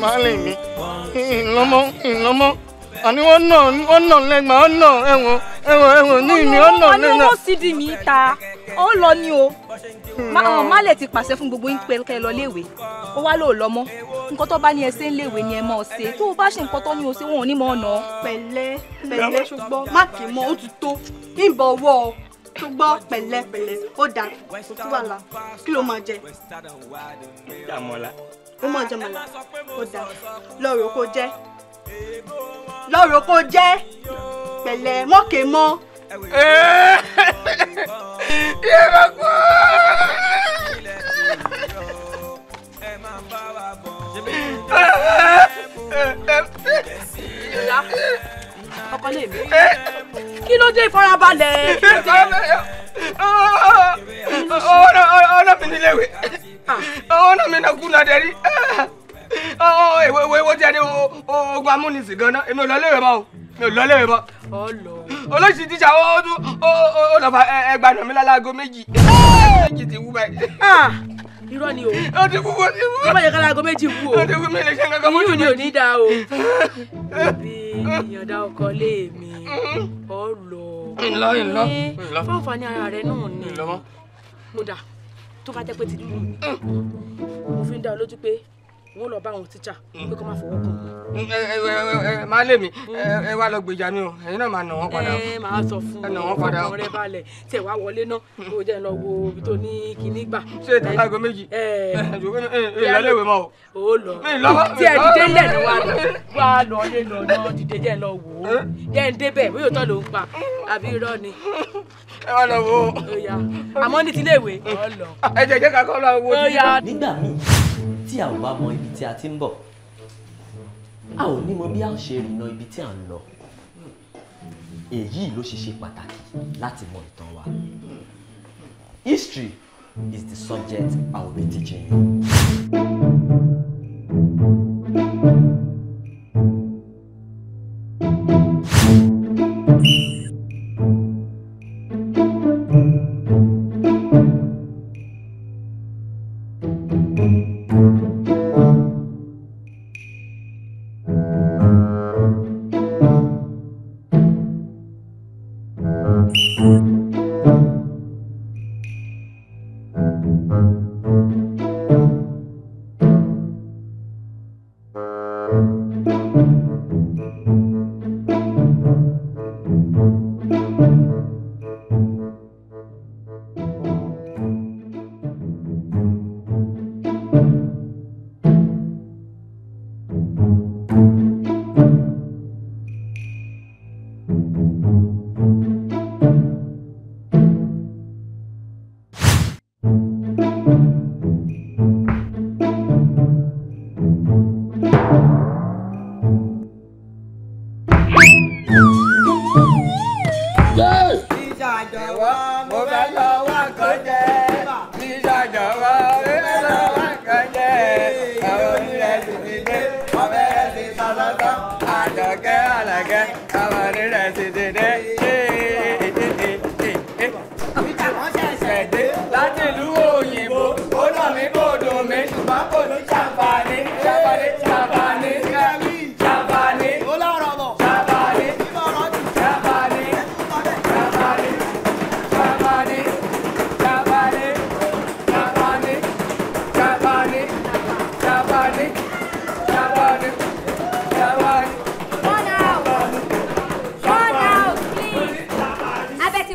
Màálì mi, ìlọ́mọ, ìlọ́mọ, àní wọ́n nà wọ́n nà di ti pàṣẹ fún gbogbo yín pé kẹ́ lewe lọ léèwé, ó wá lóò lọ́mọ. Nǹkan tó bá ní ẹsẹ̀ ń ni ẹ máa ṣe, tó o bá o ṣe wọn ò ní mọ̀ ọ̀nà. Pẹ̀lẹ́ pẹ̀lẹ́ ṣùgbọ́n tó gbọ́ pẹ̀lẹ́pẹ̀lẹ́ ó dà kó sí wàhálà kí ló máa jẹ. jàmọ́lá. ó máa jẹ mọ́lá ó dà lọ́rọ̀ kó jẹ́ lọ́rọ̀ kó jẹ́ pẹ̀lẹ́ mọ́kè mọ́. Yeah kankan lè mí. kí ló dé ìfarabalẹ̀ kí ló dé. ọ̀nà mi níléèwé ọ̀nà mi náà kú náà dẹ́rí ìwé ìwé ìwé tí a ní ogun amúnisìn gan-an èmi ò lọ léèrè mọ́ o mi ò lọ léèrè mọ́. olóṣì tíṣà ó tún ó lọ́ba ẹgbàá nà mí lálágo méjì méjì ti wú báyìí. Ah! irọ́ ni o. ó ti kú ó ti kú. ó bá yẹ ká láago méjì kú o. ó ti kú mi lè ṣe nǹkan kan mọ́tò méjì. yìí ò ní da o. bíbí ìyànda ọkọ lé mi mm-hmm. ọ lọ. ńlọ ńlọ ńlọ. fún àǹfààní ara rẹ náà ni. ńlọ mọ. mo dà tó bá jẹ́ pé ti dúró mi. mo dá ọ lójú pé wọn lọ bá àwọn tíṣà pé kó má fọwọ́ kàn mí. ẹ ẹ ẹ ẹ máa lé mi ẹ eh, eh, wá lọ gbèjà mi o ẹ̀yin náà máa nà wọ́n padà. ẹ eh, máa sọ fún un ọkàn rẹ balẹ̀ tí ẹ wá wọlé náà kó o jẹ́ lọ wo ibi tó ní kinní gbà. ṣé ètò aago méjì ẹ ẹ lọlé ìwé mọ o. o lọ tí ẹ dìde lẹ̀ ní wa lọ wa lọ lé lọ náà dìde jẹ́ lọ wò ó jẹ́ ń débẹ̀ bóyá òótọ́ ló ń pa àbí irọ́ ni ẹ wá lọ wo. àmọ́ ní tilé mm. ẹ jẹ́ jẹ́ ká kọ́ lọ wo tí a ò bá mọ ibi tí a ti ń bọ̀ a ò ní mọ bí a ò ṣe rìnà ibi tí a ń lọ èyí ló ṣe ṣe pàtàkì láti mọ ìtàn wa history is the subject I will be teaching you.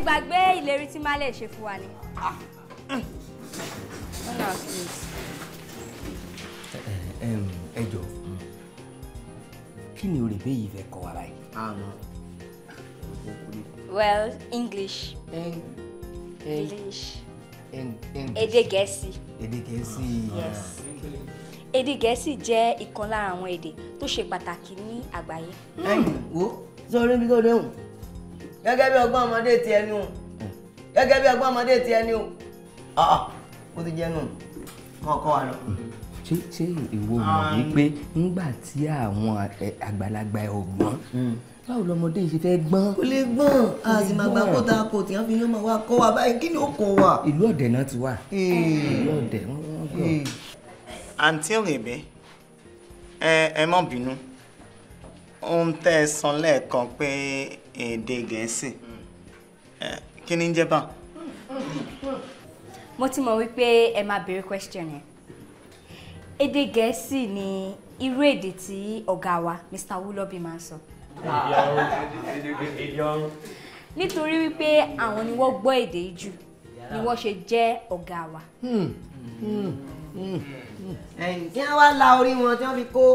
gbàgbé ìlérí tí Málẹ̀ ṣe fún wa ni. ẹ jọ kí ni fẹ́ kọ́ wa báyìí. well English. English. Eng, English. èdè gẹ̀ẹ́sì. èdè gẹ̀ẹ́sì. yes èdè gẹ̀ẹ́sì jẹ́ ìkan lára àwọn èdè tó ṣe pàtàkì ní àgbáyé. ẹ̀yin wo sórí bí tó déhùn gẹ́gẹ́ bí ọgbọ́n ọmọdé ti ẹni o gẹ́gẹ́ bí ọgbọ́n ọmọdé ti ẹni o ah, ah, ó ti jẹ́ nù kọ́kọ́ wa lọ ṣé ṣé ìwọ mọ̀ wípé ńgbà tí àwọn àgbàlagbà ọ̀gbọ́n hmm. báwo lọmọdé yìí ṣe fẹ́ gbọ́n. kò lè gbọ́n a sì máa gba kó ta kò tí wọ́n fi yán máa wá kọ́ wa báyìí kí ni ó kọ́ wa. ìlú ọ̀dẹ̀ náà ti wà ìlú ọ̀dẹ̀ wọ́n gbọ́ àǹtí òrèbé ẹ ẹ má bínú ohun tẹ́ ẹ san lẹ́ẹ̀kan pé èdè gẹ̀ẹ́sì kí ni ń jẹ́ bá. mo ti mọ̀ wípé ẹ máa béèrè question yẹn èdè gẹ̀ẹ́sì ni irú èdè tí ọ̀gá wa Mr. Wulobi máa ń sọ. nítorí wípé àwọn ni wọ́n gbọ́ èdè jù ni wọ́n ṣe jẹ́ ọ̀gá wa. Hmm. Hmm. Hmm. ẹ̀yìn tí wọ́n la orí wọn tí wọ́n fi kó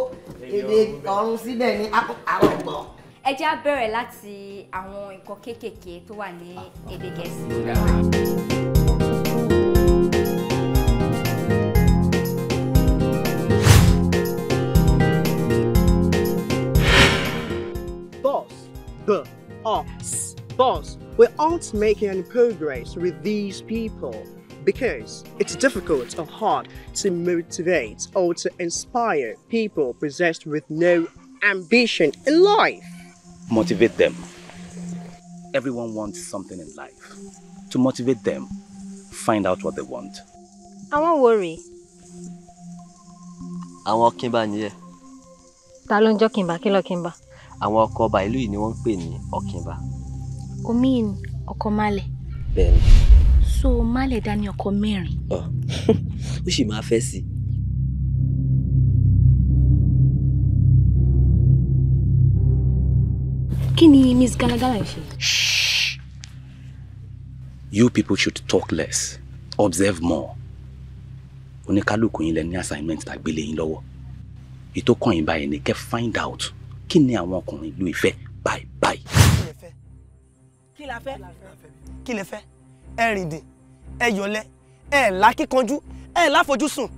èdè ọ̀run síbẹ̀ ní àwọn ọ̀gbọ̀n. ẹ jẹ́ á láti àwọn nǹkan kéékèèké tó wà ní èdè gẹ̀ẹ́sì. Boss, the ox. Boss, we aren't making any progress with these people because it's difficult or hard to motivate or to inspire people possessed with no ambition in life. Motivate them. Everyone wants something in life. To motivate them, find out what they want. I won't worry. I Ọkínbá ni ẹ. Ta ló ń jọ́ Kínbá? Kí lọ Kínbá? Àwọn ọkọ ọba ìlú yìí ni wọ́n ń pè ní Ọkínbá. Omi ni ọkọ so Mailẹ̀ dá ní ọkọ mẹ́rin. ó sì máa fẹ́ sí i. kí ni miss galagala ń ṣe. you people should talk less observe more oníkálukú yín lẹ ní assignment tàgbélé yín lọ́wọ́ ètò kan yín báyìí ni kẹ́ find out kí ni àwọn ọkùnrin ìlú ìfẹ́ báyìí báyìí. kí la fẹ́ kí la fẹ́ kí la fẹ́ ẹ rìndìn ẹ yọ̀lẹ ẹ lákíkanjú ẹ láfojúsùn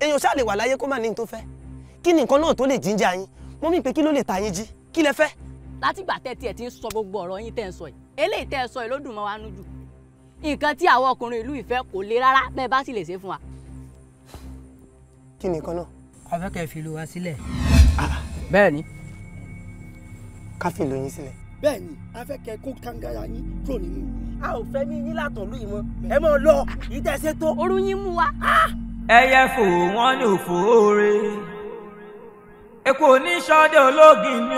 èèyàn ṣáà lè wà láyé kó má ní tó fẹ́ kí ni nǹkan náà tó lè jíjà yín mo mí pé kí ló lè ta yín jí kí lẹ fẹ́. látìgbà tẹ́ tiẹ̀ ti ń sọ gbogbo ọ̀rọ̀ yín tẹ́ ń sọ yìí eléyìí tẹ́ ẹ sọ yìí ló dùn mọ́ wa nú jù nǹkan tí àwọn ọkùnrin ìlú ìfẹ́ kò le rárá bẹ́ẹ̀ bá sì lè ṣe fún wa. kí ni nǹkan náà. a fi ìlú wa sílẹ̀. bẹ́ẹ̀ ni. ká fi sílẹ̀ bẹ́ẹ̀ ni a kó kangara yín kúrò nínú ìlú yìí. a ò fẹ́ ní yín látọ̀lú yìí mọ́ ẹ mọ́ lọ ìdẹ́sẹ̀ tó. oru yín mú wa. Ah! ẹyẹ fò wọn ní òfò oore èkó oníṣọdẹ ológin ni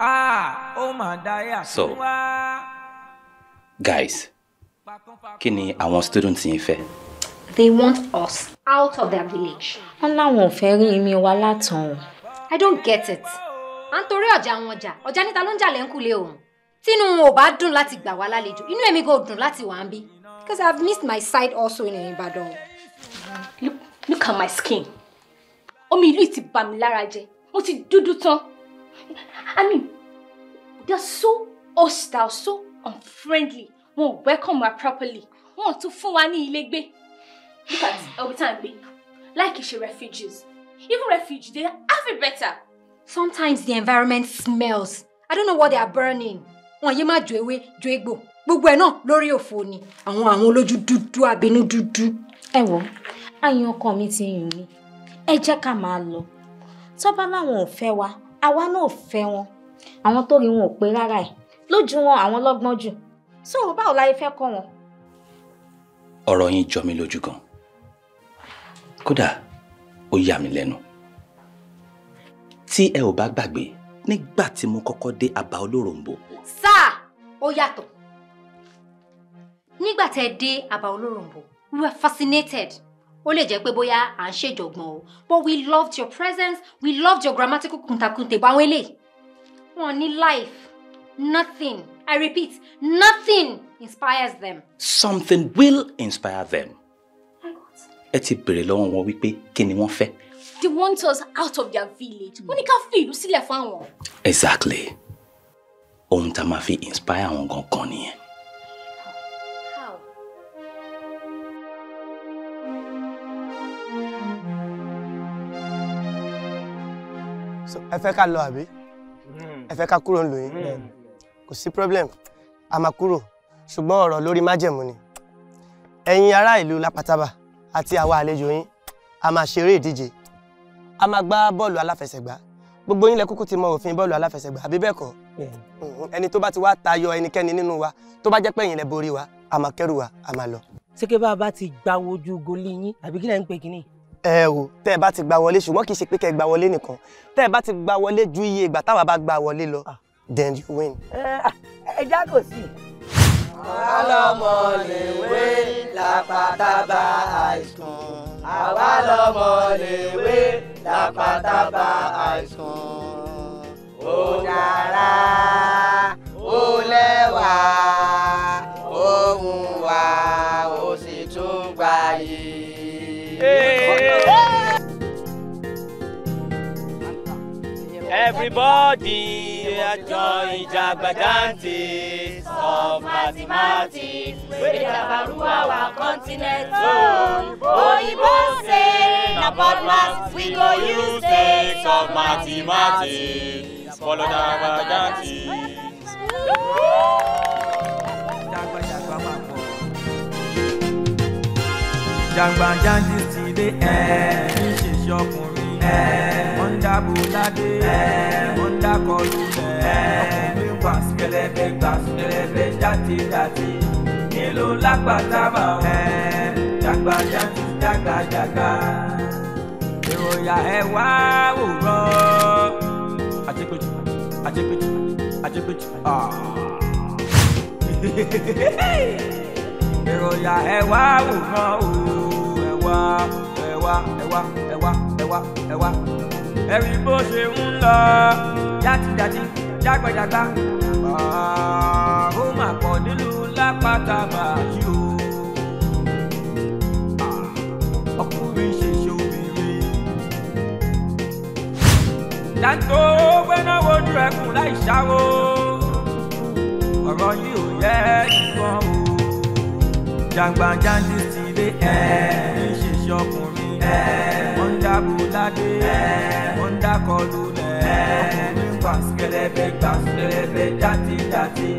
ah, ó ó mà dáyà sí wa. guys kí ni àwọn students yìí fẹ́. they want us out of their village. wọ́n láwọn ò fẹ́ rí imi wa látàn o. i don't get it à ń torí ọjà wọn jà ọjà níta ló ń jà lẹ́ńkulé òun tínú wọn ò bá dùn láti gbà wá lálejò inú èmi kò dùn láti wà ń bí because i have missed my side also in Ibadan. look look at my skin omi ìlú ti bà mí lára jẹ mo ti dúdú tán i mean they are so hostile so unfriendly wọn ò welcome wa properly wọn ò tún fún wa ní ilé gbé look at ọbí tá à ń gbé like ṣe refugees even refugees they have it better. Sometimes the environment smells. I don't know what they are burning. Wọ́n yé má jo ewé jo egbò. Gbogbo ẹ̀ náà lórí òfo ni. Àwọn àwọn olójú dúdú àbínú dúdú. Ẹ wo, àyàn ọkọ mi ti yùn mí. Ẹ jẹ́ ká máa lọ. Tọ́ba láwọn ò fẹ́ wa, àwa náà ò fẹ́ wọn. Àwọn tó rí wọn ò pé rárá ẹ̀. Lójú wọn àwọn lọ́gbọ́n jù. Sọ̀rọ̀ báwo la fẹ́ kọ́ wọn? Ọ̀rọ̀ yín jọ mí lójú gan. Kódà, ó yà mí lẹ́nu tí ẹ ò bá gbàgbé nígbà tí mo kọ́kọ́ dé àbá olóròǹbó. sáà ó yàtọ̀ nígbà tẹ́ dé àbá olóròǹbó we were fascinated ó lè jẹ́ pé bóyá à ń ṣèjọ̀gbọ̀n o but we loved your presence we loved your grammatical kuntakunte báwọn eléyìí wọn ní life nothing i repeat nothing inspires them. something will inspire them. ẹ ti béèrè lọ́wọ́ wọn wípé kí ni wọ́n fẹ́ ti want us out of their village wọ́n ní fi ìlú sílẹ̀ fún àwọn. exactly ohun tá a fi inspire àwọn gangan nìyẹn. ẹ fẹ́ ká lọ àbí hmm. ẹ fẹ́ ká kúrò lóyún hmm. kò sí problem a máa kúrò ṣùgbọ́n ọ̀rọ̀ lórí májẹ̀mú ni ẹ̀yin ará ìlú lápátábà àti àwa àlejò yín a máa ṣeré ìdíje a máa gbá bọ́ọ̀lù aláfẹsẹ̀gbá gbogbo yín lẹ kúkú ti mọ òfin bọ́ọ̀lù aláfẹsẹ̀gbá àbí bẹ́ẹ̀ kọ́ hmm, ẹni tó bá ti wá tayọ ẹnikẹ́ni nínú wa tó bá jẹ́ pé ẹ̀yin borí wa a máa kẹ́rù wa a máa lọ. ṣéke bá a bá ti gba wojú goli yín àbí kí lẹ ń pè kínní. ẹ o tẹ ẹ bá ti gba wọlé ṣùgbọ́n kì í ṣe pé kẹ gba wọlé nìkan tẹ ẹ bá ti gba wọlé ju iye ìgbà táwa bá gba wọlé lọ ah. then you win. ẹ já kò sí alọmọléwé làpàtàbà àìsàn àwa lọ́mọléwé lápátábà àìsàn. ó dára ó lẹ́wà ó hùwà ó sì tún gbayì. Hey! Everybody join Jagadantis of mathematics. Wey dey Dabaruwa our continent. Oyibo say na podcast we go use days of mathematics. Follow Jagadantis. Jagbajantis ti dé ẹ̀ kí ṣe ṣọkùnrin. Eh, wọ́n ń dábò ládé eh, wọ́n ń dákọ̀ lulẹ̀ eh, ọkùnrin wà sílẹ̀bẹ̀ gbà sílẹ̀bẹ̀ jáde jáde nílò lágbàtàbà dàgbà jáde dàgbà dàgbà ìròyà ẹ̀ wá òwúrọ̀ àjẹgbẹ̀jù àjẹgbẹ̀jù àjẹgbẹ̀jù ah. ìròyà ẹ̀ wá òwúrọ̀ o wá ẹ̀ wá ẹ̀ wá ẹ̀ wá wá ẹ wá. ẹ̀rí bó ṣe ń lọ játidàtí jágbàjàgbà ó mà pọ̀ nílùú lápáta bàjí o. ọkùnrin ṣèṣe obìnrin. dáńtó gbẹ́nà wojú ẹkùn láì ṣáwó ọ̀rọ̀ yìí ò yẹ ìbọn o. jàǹgbàjàǹdì sílé ẹ̀ ń ṣèṣe ọkùnrin ẹ̀ jagunlade wọ́n dákọlù lẹ̀ ọkùnrin wà skelebe gbà skelebe jati jati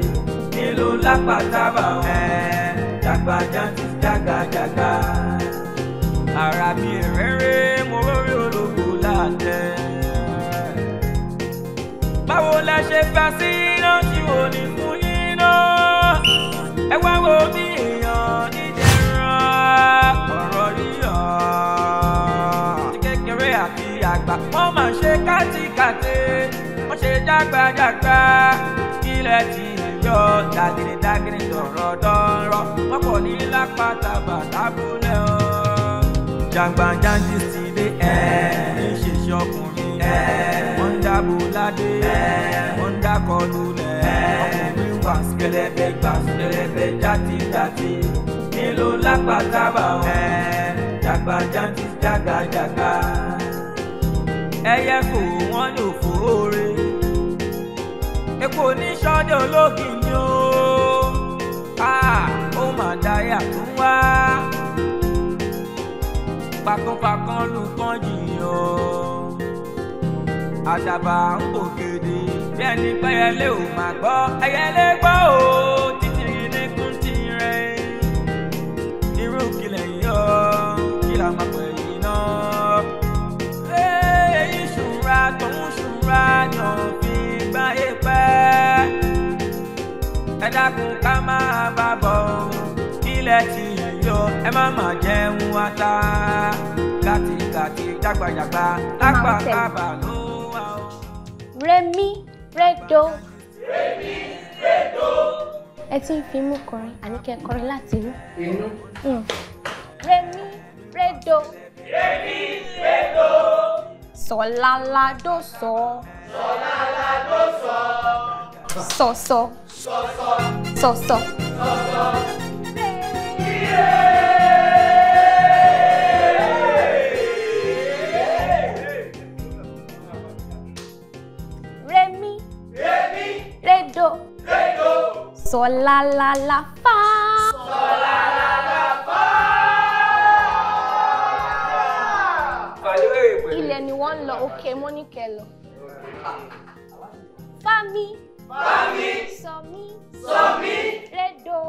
nílò lápátábà eh. jagba janti jaga jaga. ara mi rere mo lórí ológo láàtẹ. báwo lẹ ṣe fà sí iná tí wò ní fún yín ẹ wá wo bí èèyàn níjẹ̀ràn ọ̀rọ̀ yíyàn àgbà wọ́n mà ṣe kátikàtẹ́ wọ́n ṣe jágbajàgba ilẹ̀ tí yọ dàgìrì dàgìrì dọ̀rọ̀ dọ̀rọ̀ wọ́n pọ̀ ní lápáta bàtàbúlẹ̀ o. jàǹgbàjàǹjì ti dé ẹ̀ ṣèṣe ọkùnrin wọ́n ń dábò ládé wọ́n ń dákọlù lẹ̀ ọkùnrin wà sílẹ̀bẹ̀ gbà sílẹ̀bẹ̀ játijàti nílò lápáta bà ọ́ jàǹgbàjàǹjì jàgàjàgà ẹyẹ kò wọ́n ní òfòóre epo ní sọ́dẹ̀ ológin ni ó ah, ó mà dáyà tó ń wá pakànpakàn lùkàn jìyàn àdàbà ń bò gèdè bí ẹni pẹ́yẹlé ò mà gbọ́ ẹyẹlé gbọ́ o. Kúránì òfin gbáyé pẹ́. ẹ dákun ká máa bá bọ̀ ilẹ̀ ti yọ ẹ má má jẹun ata kàtìkàtì jágbàjàgbà lápàkábà ló wà ó. Rẹ̀mí rẹ̀dọ̀. Rẹ̀mí rẹ̀dọ̀. ẹ tún fi mú kọrin àníkẹ́ kọrin láti inú. inú. Rẹ̀mí hmm. rẹ̀dọ̀. Rẹ̀mí rẹ̀dọ̀. la, do so. la, do so. So so. So so. So so. Re mi. sol, mi. Re do. Re sol, Solala la fa. ibẹ̀ ni wọ́n ń lọ òkè mọ́níkẹ́ lọ. Fami. Fami. Sọmi. Sọmi. Redo.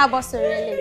káàbọ̀ sórí ele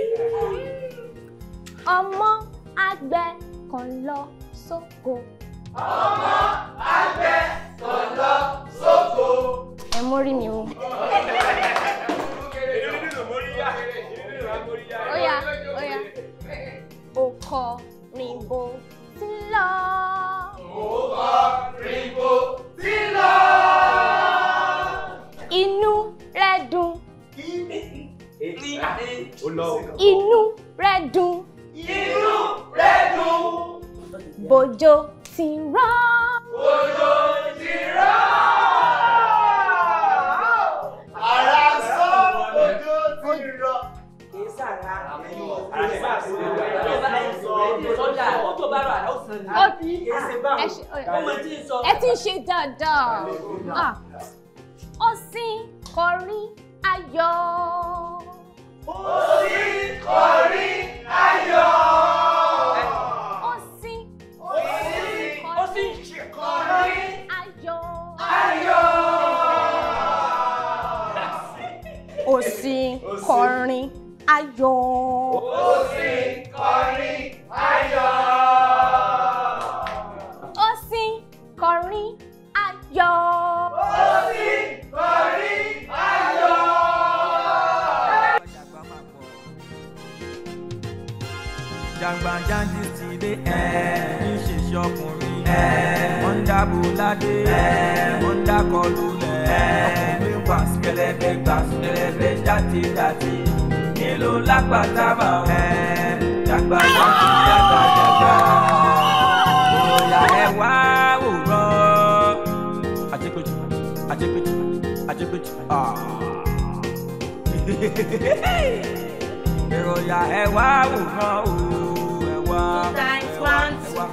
ìròyà ẹ àwòrán o ẹ wá ẹ wá ẹ two times one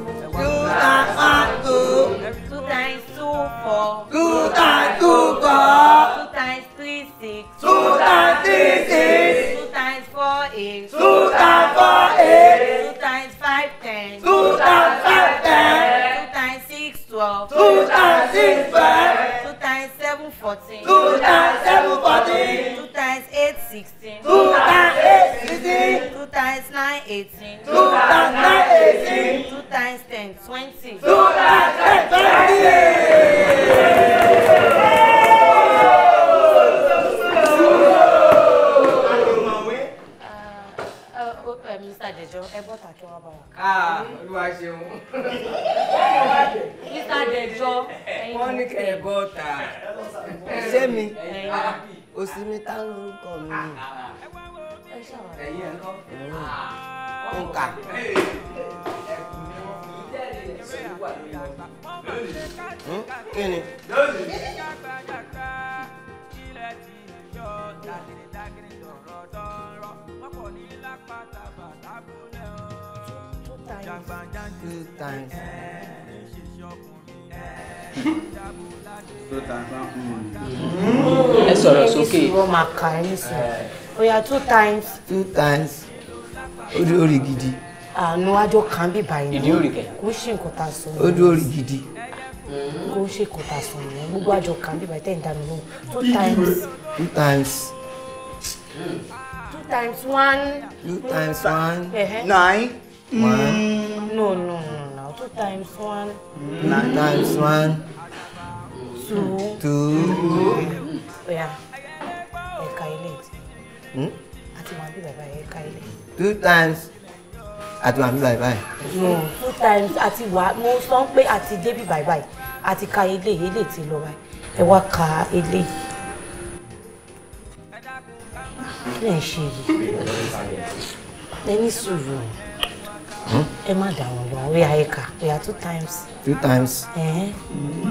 two two times two four two times two four two times three six two times three six two times four eight two times four eight two times five ten two times five ten two times six twelve two times six twelve two times seven fourteen two times seven fourteen eight times eight sixteen. two times nine eighteen. two times nine eighteen. two times ten twenty. Ah, Mr. Dejo, ẹ bọ́ tàkí wá bá wa. Ah, olúwa Mr. Dejo, ẹ̀yin. Wọ́n ní kẹ́ ẹ òsì mi tá ló ń kọ mi. ẹ̀yin ẹ̀ ń kọ́. nǹka. kí ni. Two times. Two times ẹ sọ̀rọ̀ sókè. wọ́n oya oh, two times. two times ó orí gidi. àánú ajọ kan bí báyìí. ìdí orí kẹ. kò ṣe nǹkan tá sọ. ó orí gidi. kò ṣe nǹkan tá sọ nìyẹn gbogbo àjọ kan bí báyìí tẹ̀yìn dàmí lóhùn two times. two times. two times one. two times one. nine. one. no no no two times one. Mm. Nine times one. Two. Two. Oya, oh, ẹ̀ka ilé. Hmm? Àti wàá bí bàbá yẹn ẹ̀ka ilé. Two times àti wàá bí bàbá yẹn. Two times Ati wàá mo sọ pé àti débí bàbá yẹn àti ka ilé ilé ti lọ báyìí ẹ wá ka ilé kí lè ṣe yìí ẹ ní ẹ má dà wọn lọ we are eka we are two times. two times. Eh?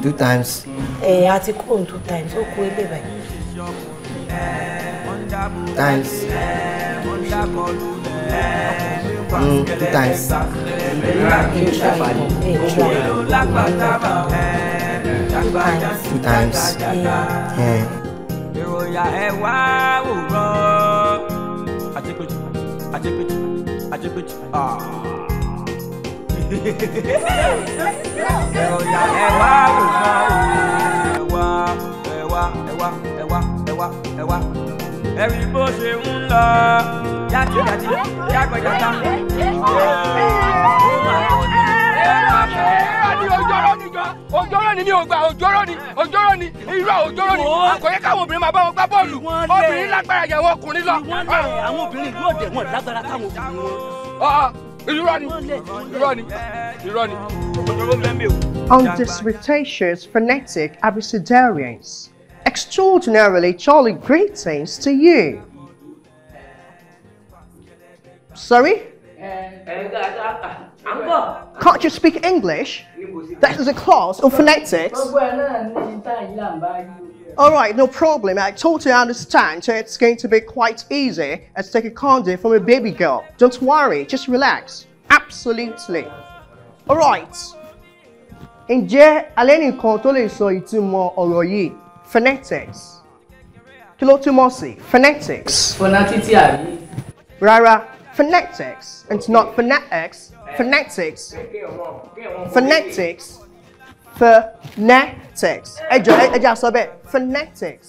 two times. ẹ a ti kúrò two times ó kú ebè báyìí. times. Mm, two times. two times. ìròyìn ẹ̀ wá òwúrọ̀ àjẹpẹ̀jù àjẹpẹ̀jù àjẹpẹ̀jù. Ah ẹ̀yà ẹ wá òkà òwò ẹ wá ẹ wá ẹ wá ẹ wá ẹ wá ẹ rí bó ṣe ń lọ yájú yájú yágbẹ́jọ́ta ó mà kọ́ ní ojoro ni jọ ojoro ni mi ò gbà ojoro ni ojoro ni irọ́ ojoro ni àkọyẹ káwọn obìnrin máa bá wọn gbá bọ́ọ̀lù obìnrin lágbára yàwó ọkùnrin lọ. àwọn obìnrin ìlú òde wọn lágbára káwọn obìnrin wọn. irọ́ ni irọ́ ni irọ́ running. On this Phonetic abecedarians, extraordinarily jolly greetings to you. Sorry? Can't you speak English? That is a class of phonetics. All right, no problem. I totally understand. It's going to be quite easy as take a condom from a baby girl. Don't worry, just relax. Absolutely. All right. Ǹjẹ́ alẹ́ nìkan tó lè sọ ìtumọ̀ ọ̀rọ̀ yìí? Phonetics. Kilo ló túmọ̀ sí? Phonetics. Phonatiti àbí? Rárá, phonetics. It's not phonetics. Phonetics. Phonetics phonetics ẹ jọ ẹ jẹ́ àsọ bẹ́ẹ̀ phonetics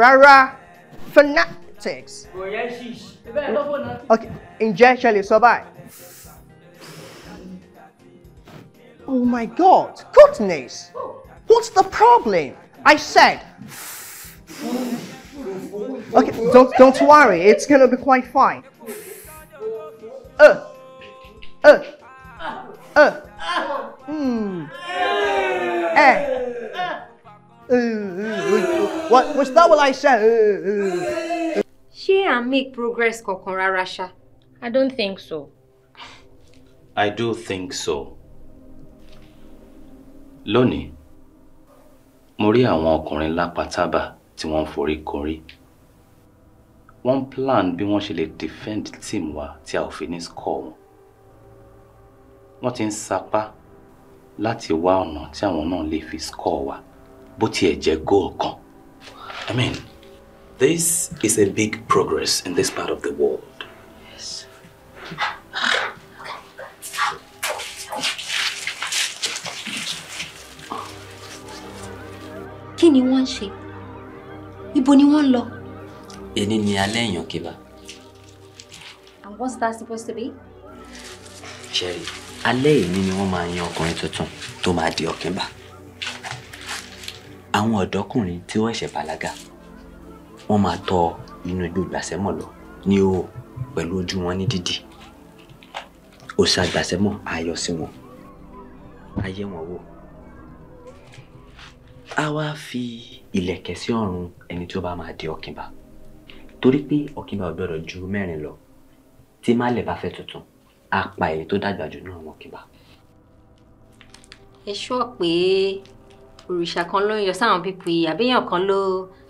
rárá phonetics ok ǹjẹ́ ṣe sọ báyìí. Oh my God, goodness! What's the problem? I said. Okay, don't don't worry. It's gonna be quite fine. Uh, uh, uh. What was that what I said? She and make progress kankan rárá I don't think so. I do think so. Loni, mo rí àwọn ọkùnrin lápátábà tí fori kori. One plan bí wọ́n ṣe lè defend team wa tí a ò fi ní wọ́n ti ń sapá láti wá ọ̀nà tí àwọn náà lè fi score wa bó tiẹ̀ jẹ́ goal kan. I mean, this is a big progress in this part of the world. Yes. kí ni wọ́n ń ṣe ibo ni wọ́n ń lọ. èyí ni alẹ́ èèyàn kíba. and what's that supposed to be. Cherry alẹ́ ìní ni wọ́n máa yan ọkùnrin tuntun tó máa di ọ̀kínbà àwọn ọ̀dọ́kùnrin tí wọ́n ṣẹ̀ bàlágà wọ́n máa tọ inú igbó ìgbàsẹ́mọ̀ lọ ní o pẹ̀lú ojú wọn ní dídì òṣà ìgbàsẹ́mọ̀ ayọ̀ sí wọn ayé wọn wò a wá fi ìlẹ̀kẹ̀ sí ọrùn ẹni tí ó bá máa di ọ̀kínbà torí pé ọ̀kínbà ò gbọ́dọ̀ ju mẹ́rin lọ tí má lè bá fẹ́ tuntun apá èyí tó dàgbà jù náà wọn kíbà. ẹ ṣọ́ pé òrìṣà kan ló ń yọ sáwọn pípù yìí àbíyàn kan ló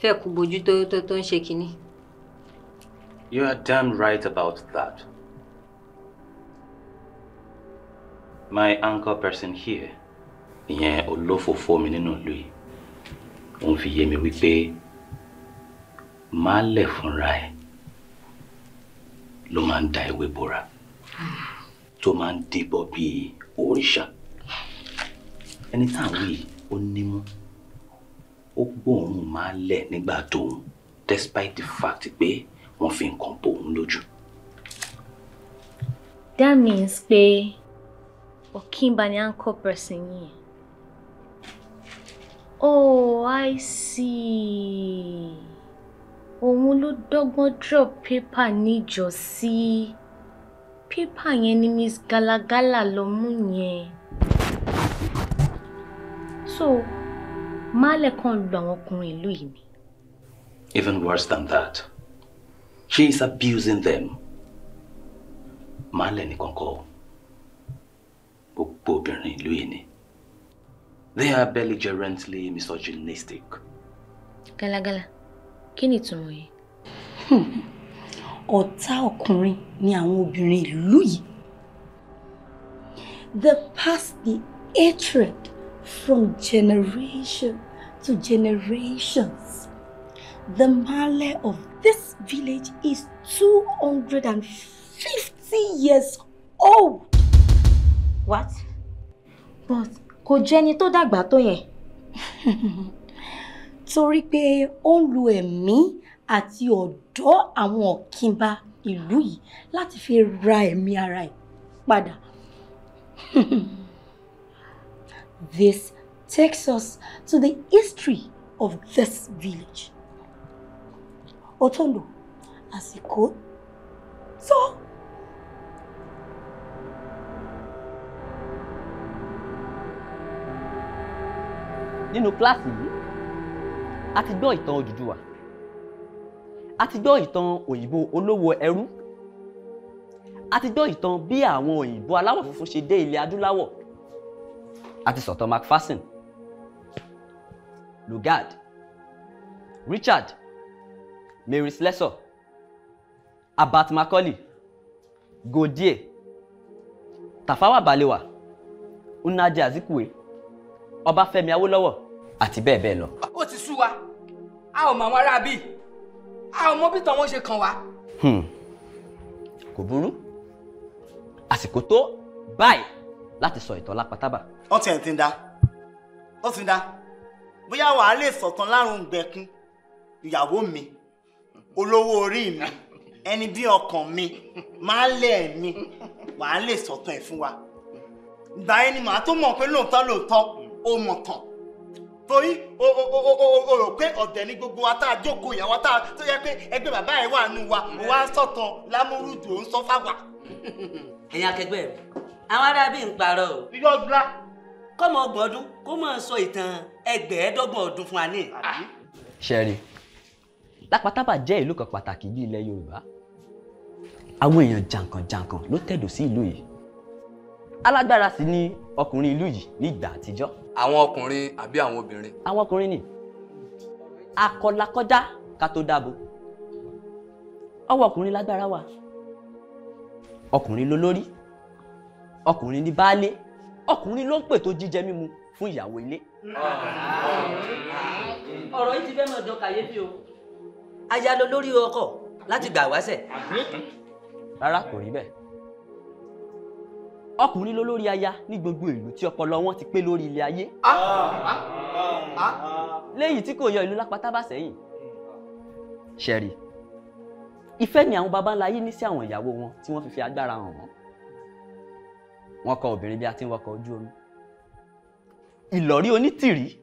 fẹ́ kú bojú tó tó tó ń ṣe kínní. you are damn right about that. my anchor person here ìyẹn olófòófó mi nínú ìlú yìí òun fi yé mi wípé máa lẹ̀ fúnra ẹ̀ ló máa ń da ewé bora tó máa ń dìbò bíi òrìṣà ẹni tá à ń wí ó nímú ó gbóòórùn máa lẹ̀ nígbà tóun despite the fact pé wọ́n fi nǹkan bò òun lójú. that means pé Okimba ni anchor person yìí. Oh, I see. Òun ló dọ́gbọ́n drop paper níjọ sí. Si pépà yẹn ni miss galagala lọ mú yẹn so maálẹ̀ kan lu àwọn ọkùnrin ìlú yìí ni. even worse than that she is abusing them maálẹ̀ nìkan kọ́ gbogbo obìnrin ìlú yìí ni they are belligerently misogynistic. galagala kí ni ìtumọ̀ yìí. ọ̀tá ọkùnrin ni àwọn obìnrin ìlú yìí. They pass the hatred from generation to generations. The male of this village is 250 years old. What? But kò jẹ́ni tó dàgbà tó yẹn. Torí pé ó ń lo ẹ̀mí àti ọ̀dọ́ àwọn ọ̀kínba ìlú yìí láti fi ra ẹ̀mí ara ẹ̀ padà. This takes us to the history of this village. Otondo, àsìkò tó. So, nínú kíláàsì yìí a ti gbọ́ ìtàn Odùduwà a ti gbọ́ ìtàn òyìnbó olówó ẹrú a ti gbọ́ ìtàn bí àwọn òyìnbó aláwọ̀ funfun ṣe dé ilẹ̀ adúláwọ̀ a ti sọ̀tàn Macpherson Lugard Richard Mary Slessor Abat Macaulay Godier Tafawa Balewa Nnaji Azikiwe Ọbáfẹ́mi Awólọ́wọ̀ àti bẹ́ẹ̀ bẹ́ẹ̀ lọ. ó ti sú wa a ò mọ àwọn aráabí a ò mọ bí tàwọn ṣe kàn wá. Hmm. kò burú àsìkò tó báyìí láti sọ ìtàn lápátábà. ó ti ẹ̀ ti ń da ó ti ń da bóyá wàá lè sọ̀tàn lárùn gbẹ̀kún ìyàwó mi olówó orí mi ẹni bí ọkàn mi máa lẹ̀ mi wàá lè sọ̀tàn ẹ̀ fún wa ìgbà yẹn ni màá tó mọ̀ pé lóòótọ́ lóòótọ́ ó mọ̀ tán torí o o o o o rò pé ọ̀dẹ̀ ní gbogbo wa tá a jókòó ìyàwó tá a tó yẹ pé ẹgbẹ́ bàbá ẹ̀ wà nù wa o wá sọ̀tàn lámúrúdù ò ń sọ fáwa. ẹ̀yin akẹgbẹ́ mi àwọn arábí ń parọ́ o. yíyọ gbá. kọ́mọ ọgbọ̀n ọdún kó máa sọ ìtàn ẹgbẹ̀ẹ́dọ́gbọ̀n ọdún fún wa ní. ṣẹ́ẹ̀rì lápátábà jẹ́ ìlú kan pàtàkì ní ilẹ̀ Yorùbá àwọn èèyàn jàǹkànjàǹkàn ló tẹ̀dó sí ìlú yìí alágbára sì ni ọkùnrin ìlú yìí nígbà àtijọ́ àwọn ọkùnrin àbí àwọn obìnrin. àwọn ọkùnrin ni akọlakọjá ká tó dáàbò ọwọ́ ọkùnrin lágbára wa ọkùnrin ló lórí ọkùnrin ní baálé ọkùnrin ló ń pètò jíjẹ mímu fún ìyàwó ilé. ọ̀rọ̀ yìí ti fẹ́ máa dán kàyéfì o. aya ló lórí ọkọ láti gbà wáṣẹ̀. rárá kò rí bẹ́ẹ̀ ọkùnrin ló lórí aya ní gbogbo ìlú tí ọpọlọ wọn ti pé lórí ilé ayé. Ah, ah. Ah, léyìí tí kò yọ ìlú lápáta bá sẹ́yìn. ṣẹ́rí ìfẹ́ ni àwọn baba ńlá yìí ní sí àwọn ìyàwó wọn tí wọ́n fi fi agbára hàn wọ́n. wọ́n kọ́ obìnrin bí a ti ń wakọ̀ ojú omi. ìlọ̀rí onítìrí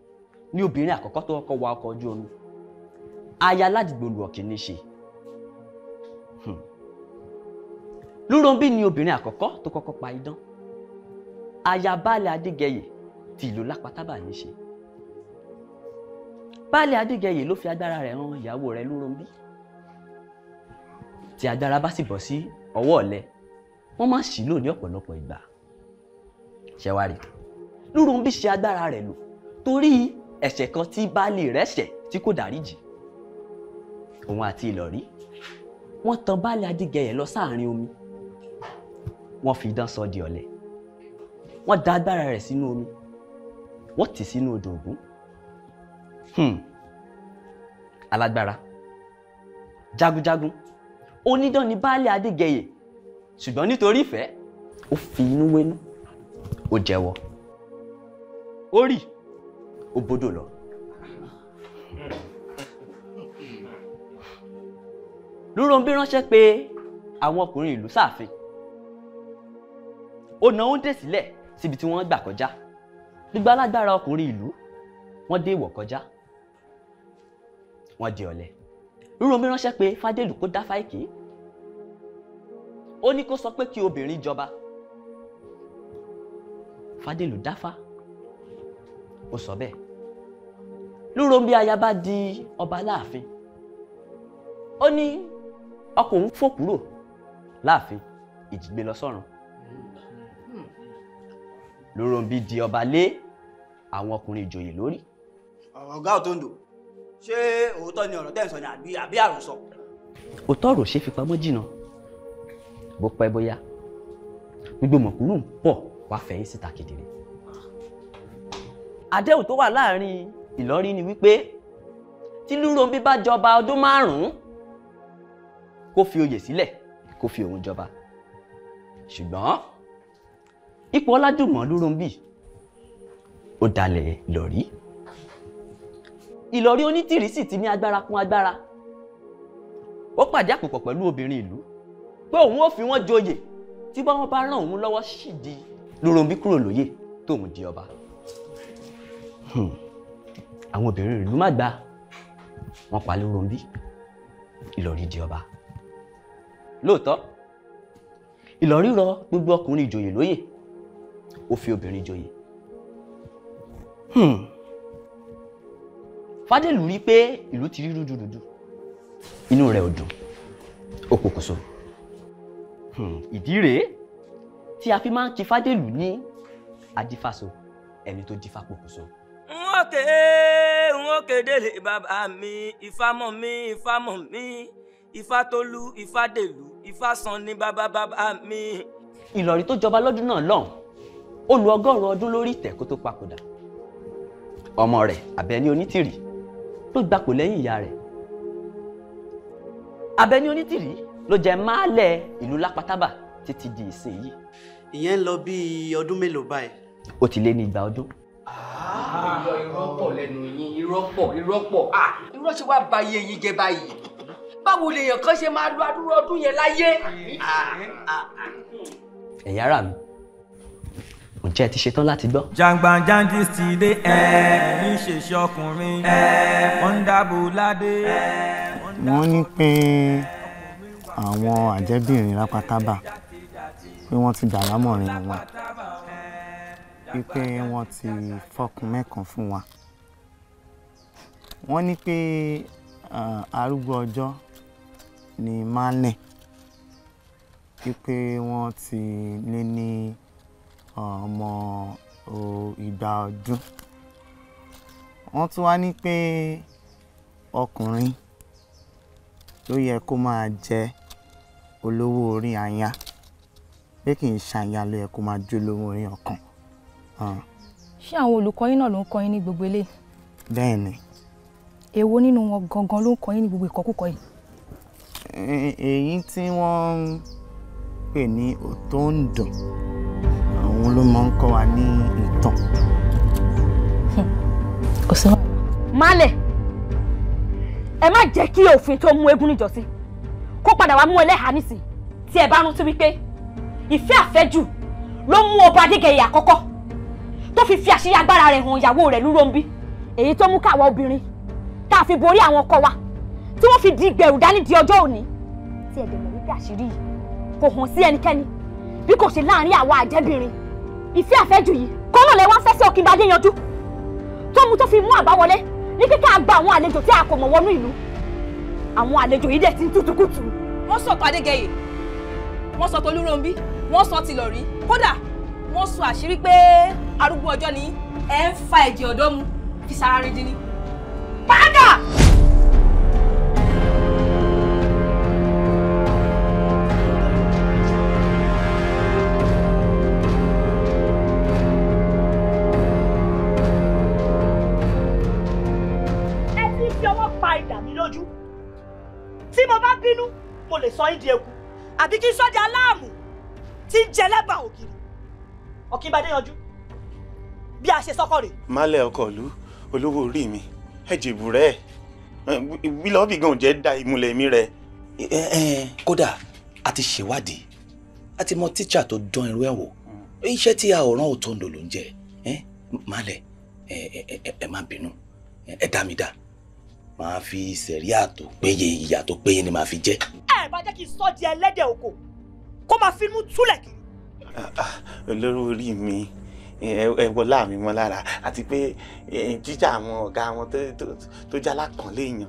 ni obìnrin àkọ́kọ́ tó kọ́kọ́ wa ọkọ̀ ojú omi. aya ládìgbòlù ọ̀kìnní ṣe. Hmm. Lúròǹbí ni obìnrin àkọ́kọ́ tó kọ́kọ́ pa idán aya baálẹ̀ adégẹyè ti ìlú lápátábà ní ṣe baálẹ̀ adégẹyè ló fi agbára rẹ̀ ran ìyàwó rẹ̀ lóròmbí tí agbára bá sì bọ̀ sí ọwọ́ ọ̀lẹ wọ́n máa ṣì lò ní ọ̀pọ̀lọpọ̀ ìgbà ṣẹwárì lóròmbí ṣe agbára rẹ̀ lò torí ẹ̀ṣẹ̀ kan tí baálé rẹ̀ ṣẹ̀ tí kò dáríjì òun àti ìlọ̀rí wọ́n tan baálé adégẹyè lọ sáàrin omi wọ́n fi idán sọ di ọ̀lẹ wọ́n da agbára rẹ̀ sínú omi wọ́n tì sínú odò ògún hmm. alágbára jagunjagun onídán ni baálé adégẹyè ṣùgbọ́n nítorí ìfẹ́ ó fi inú wénú ó jẹ́wọ́ ó rì ó bodò lọ. lúròǹbí ránṣẹ́ pé àwọn ọkùnrin ìlú sáàfin ó na oúnjẹ sílẹ̀ síbi tí wọ́n gbà kọjá gbígbá alágbára ọkùnrin ìlú wọ́n dé ìwọ̀ kọjá wọ́n di ọ̀lẹ rúromi ránṣẹ́ pé fádélù kó dá fáìkì ó ní kó sọ pé kí obìnrin jọba fádélù dáfá ó sọ bẹ́ẹ̀ lúromi ayaba di ọba láàfin ó ní ọkọ òun fò kúrò láàfin ìjìgbé lọ sọ́run lóròǹbí di ọba lé àwọn ọkùnrin ìjòyè lórí. ọ̀gá òtòǹdò ṣé òótọ́ ni ọ̀rọ̀ tẹ̀sán ni àbí àbí àròsọ. òótọ́ ọ̀rọ̀ ṣe fipamọ́ jìnnà bó pẹ́ bóyá gbogbo mọ̀kúrú ń pọ̀ wá fẹ̀yìn síta kedere. àdéhùn tó wà láàrin Ìlọrin ni wípé tí lúròǹbí bá jọba ọdún márùn-ún kó fi oyè sílẹ̀ kó fi òun jọba ṣùgbọ́n ipò ọlájùmọ̀ lúrúnbì ó dalẹ̀ ìlọ̀rí ìlọ̀rí onítìrí sì ti ní agbára kún agbára ó pàdé àpòpọ̀ pẹ̀lú obìnrin ìlú pé òun ó fi wọ́n joyè tí bá wọ́n bá ràn òun lọ́wọ́ sì di lúrúnbí kúrò lóyè tóun di ọba hmm. àwọn obìnrin ìlú má gbà wọ́n pa lúrúnbí ìlọ̀rí di ọba lóòótọ́ ìlọ̀rí rọ gbogbo ọkùnrin ìjòyè lóyè ó fi obìnrin joyè. Hmm. fádèlù rí pé ìlú ti rí rúdurùdu inú rẹ̀ ò dùn ó pokùnso. Hmm. ìdí rèé tí a fi máa ń kí fádèlù ní adífàso ẹni tó dífá pokùnso wọ́n ké wọ́n kédèlè bàbá mi ìfàmọ́ mi ìfàmọ́ mi ìfàtólú ìfàdèlú ìfàsán ni bàbá bàbá mi. ìlọ̀rí tó jọba lọ́dún náà lọ́hùn ó lu ọgọ́rùn-ún ọdún lórí ìtẹ́ kó tó papòdà ọmọ rẹ̀ Àbẹ̀ní Onítìrì ló gbapò lẹ́yìn ìyá rẹ̀ Àbẹ̀ní Onítìrì ló jẹ máàlẹ̀ ìlú Lápátábà títí di ìsìn yìí. ìyẹn ń lọ bí ọdún mélòó báyìí. ó ti lé ní igba ọdún. irọ́ pọ̀ lẹ́nu yín irọ́ pọ̀ irọ́ irọ́ ṣe wá ba iye yín jẹ báyìí báwo lèèyàn kan ṣe máa lo adúrú ọdún yẹn láyé. ẹ̀yà ara mi ǹjẹ́ ẹ ti ṣetán láti gbọ́. Jàǹgbàǹjàǹjì ti dé ẹ ní ṣèṣe ọkùnrin ẹ wọ́n ń dáàbò ládé. wọ́n ní pé àwọn àjẹbìnrin rápátábà pé wọ́n ti dà lámọ̀rin wọn wípé wọ́n ti fọkùn mẹ́kan fún wa wọ́n ní pé arúgbó ọjọ́ ni máa ń wọ́n ti lé ní. Ni ọmọ ìgbà ọdún wọ́n tún wá ní pé ọkùnrin ló yẹ kó máa jẹ olówó orí aya pé kì í ṣàyà ló yẹ kó máa jó olówó orí ọkàn. ṣé àwọn olùkọ́ yín náà ló ń kọ́ yín ní gbogbo eléyìí. bẹ́ẹ̀ ni. èwo nínú wọn gangan ló ń kọ́ yín ní gbogbo ìkọ́kúkọ̀ yìí. èyí tí wọ́n ń pè ní òtóǹdùn òun ló máa ń kọ́ wa ní ìtàn. kò sí wàhálà. malẹ̀ ẹ má jẹ́ kí òfin tó mú eégún níjọ́sí kó padà wá mú ẹlẹ́hàá nísìn tí ẹ bá rántí wípé ìfẹ́ àfẹ́jù ló mú ọba adégẹyẹ àkọ́kọ́ tó fi fi àṣírí agbára rẹ̀ hàn ìyàwó rẹ̀ lúròǹbí èyí tó mú káwa obìnrin tá a fi borí àwọn ọkọ wa tí wọ́n fi di gbẹ̀rù dání di ọjọ́ òní tí ẹ̀dẹ̀ mọ̀ wípé àṣírí yìí kò hàn sí ẹnikẹ́ni bí kò ṣe láàrin àwa àjẹbìnrin ìfẹ́ àfẹ́jù yìí kọ́ náà lẹ wá fẹ́ sí ọkìnbadé yanjú tó mú tó fi mú àbáwọlé ní kíkà gba àwọn àlejò tí a kò mọ̀ wọnú ìlú àwọn àlejò yìí dẹ̀ ti ń tútukùtù. wọ́n sọ tàdégẹyè wọ́n sọ tolúròǹbí wọ́n sọ tìlọ̀rí kódà wọ́n sọ àṣírí pé arúgbó ọjọ́ ni ẹ̀ ń fa ẹ̀jẹ̀ ọ̀dọ́ mu fi sára rí dín ní. padà sọ yín di eku àbí kí n sọ di aláàmù tí ń jẹlẹ́bà ògiri ọ̀kínbadé yanjú bí a ṣe sọ́kọ̀ rè. malẹ ọkọ ìlú olówó orí mi ẹjẹ ìbúrẹ bílọ́ọ̀bì gan jẹ́ da ìmúlẹ̀ mi rẹ. kódà a ti ṣèwádìí a ti mọ tíṣà tó dán irú ẹ̀ wò iṣẹ́ tí a ò rán òtòǹdò ló ń jẹ malẹ ẹ má bínú ẹ dá mi dá màá fi sẹ̀rí àtò péye ìyà tó péye ni màá fi jẹ́. ẹ bá jẹ́ kí n sọ di ẹlẹ́dẹ̀ oko kó máa finú túlẹ̀ kiri. olóró orí mi ẹ wọlá mi mọ́ lára àti pé jíjà àwọn ọ̀gá wọn tó jálá kan léèyàn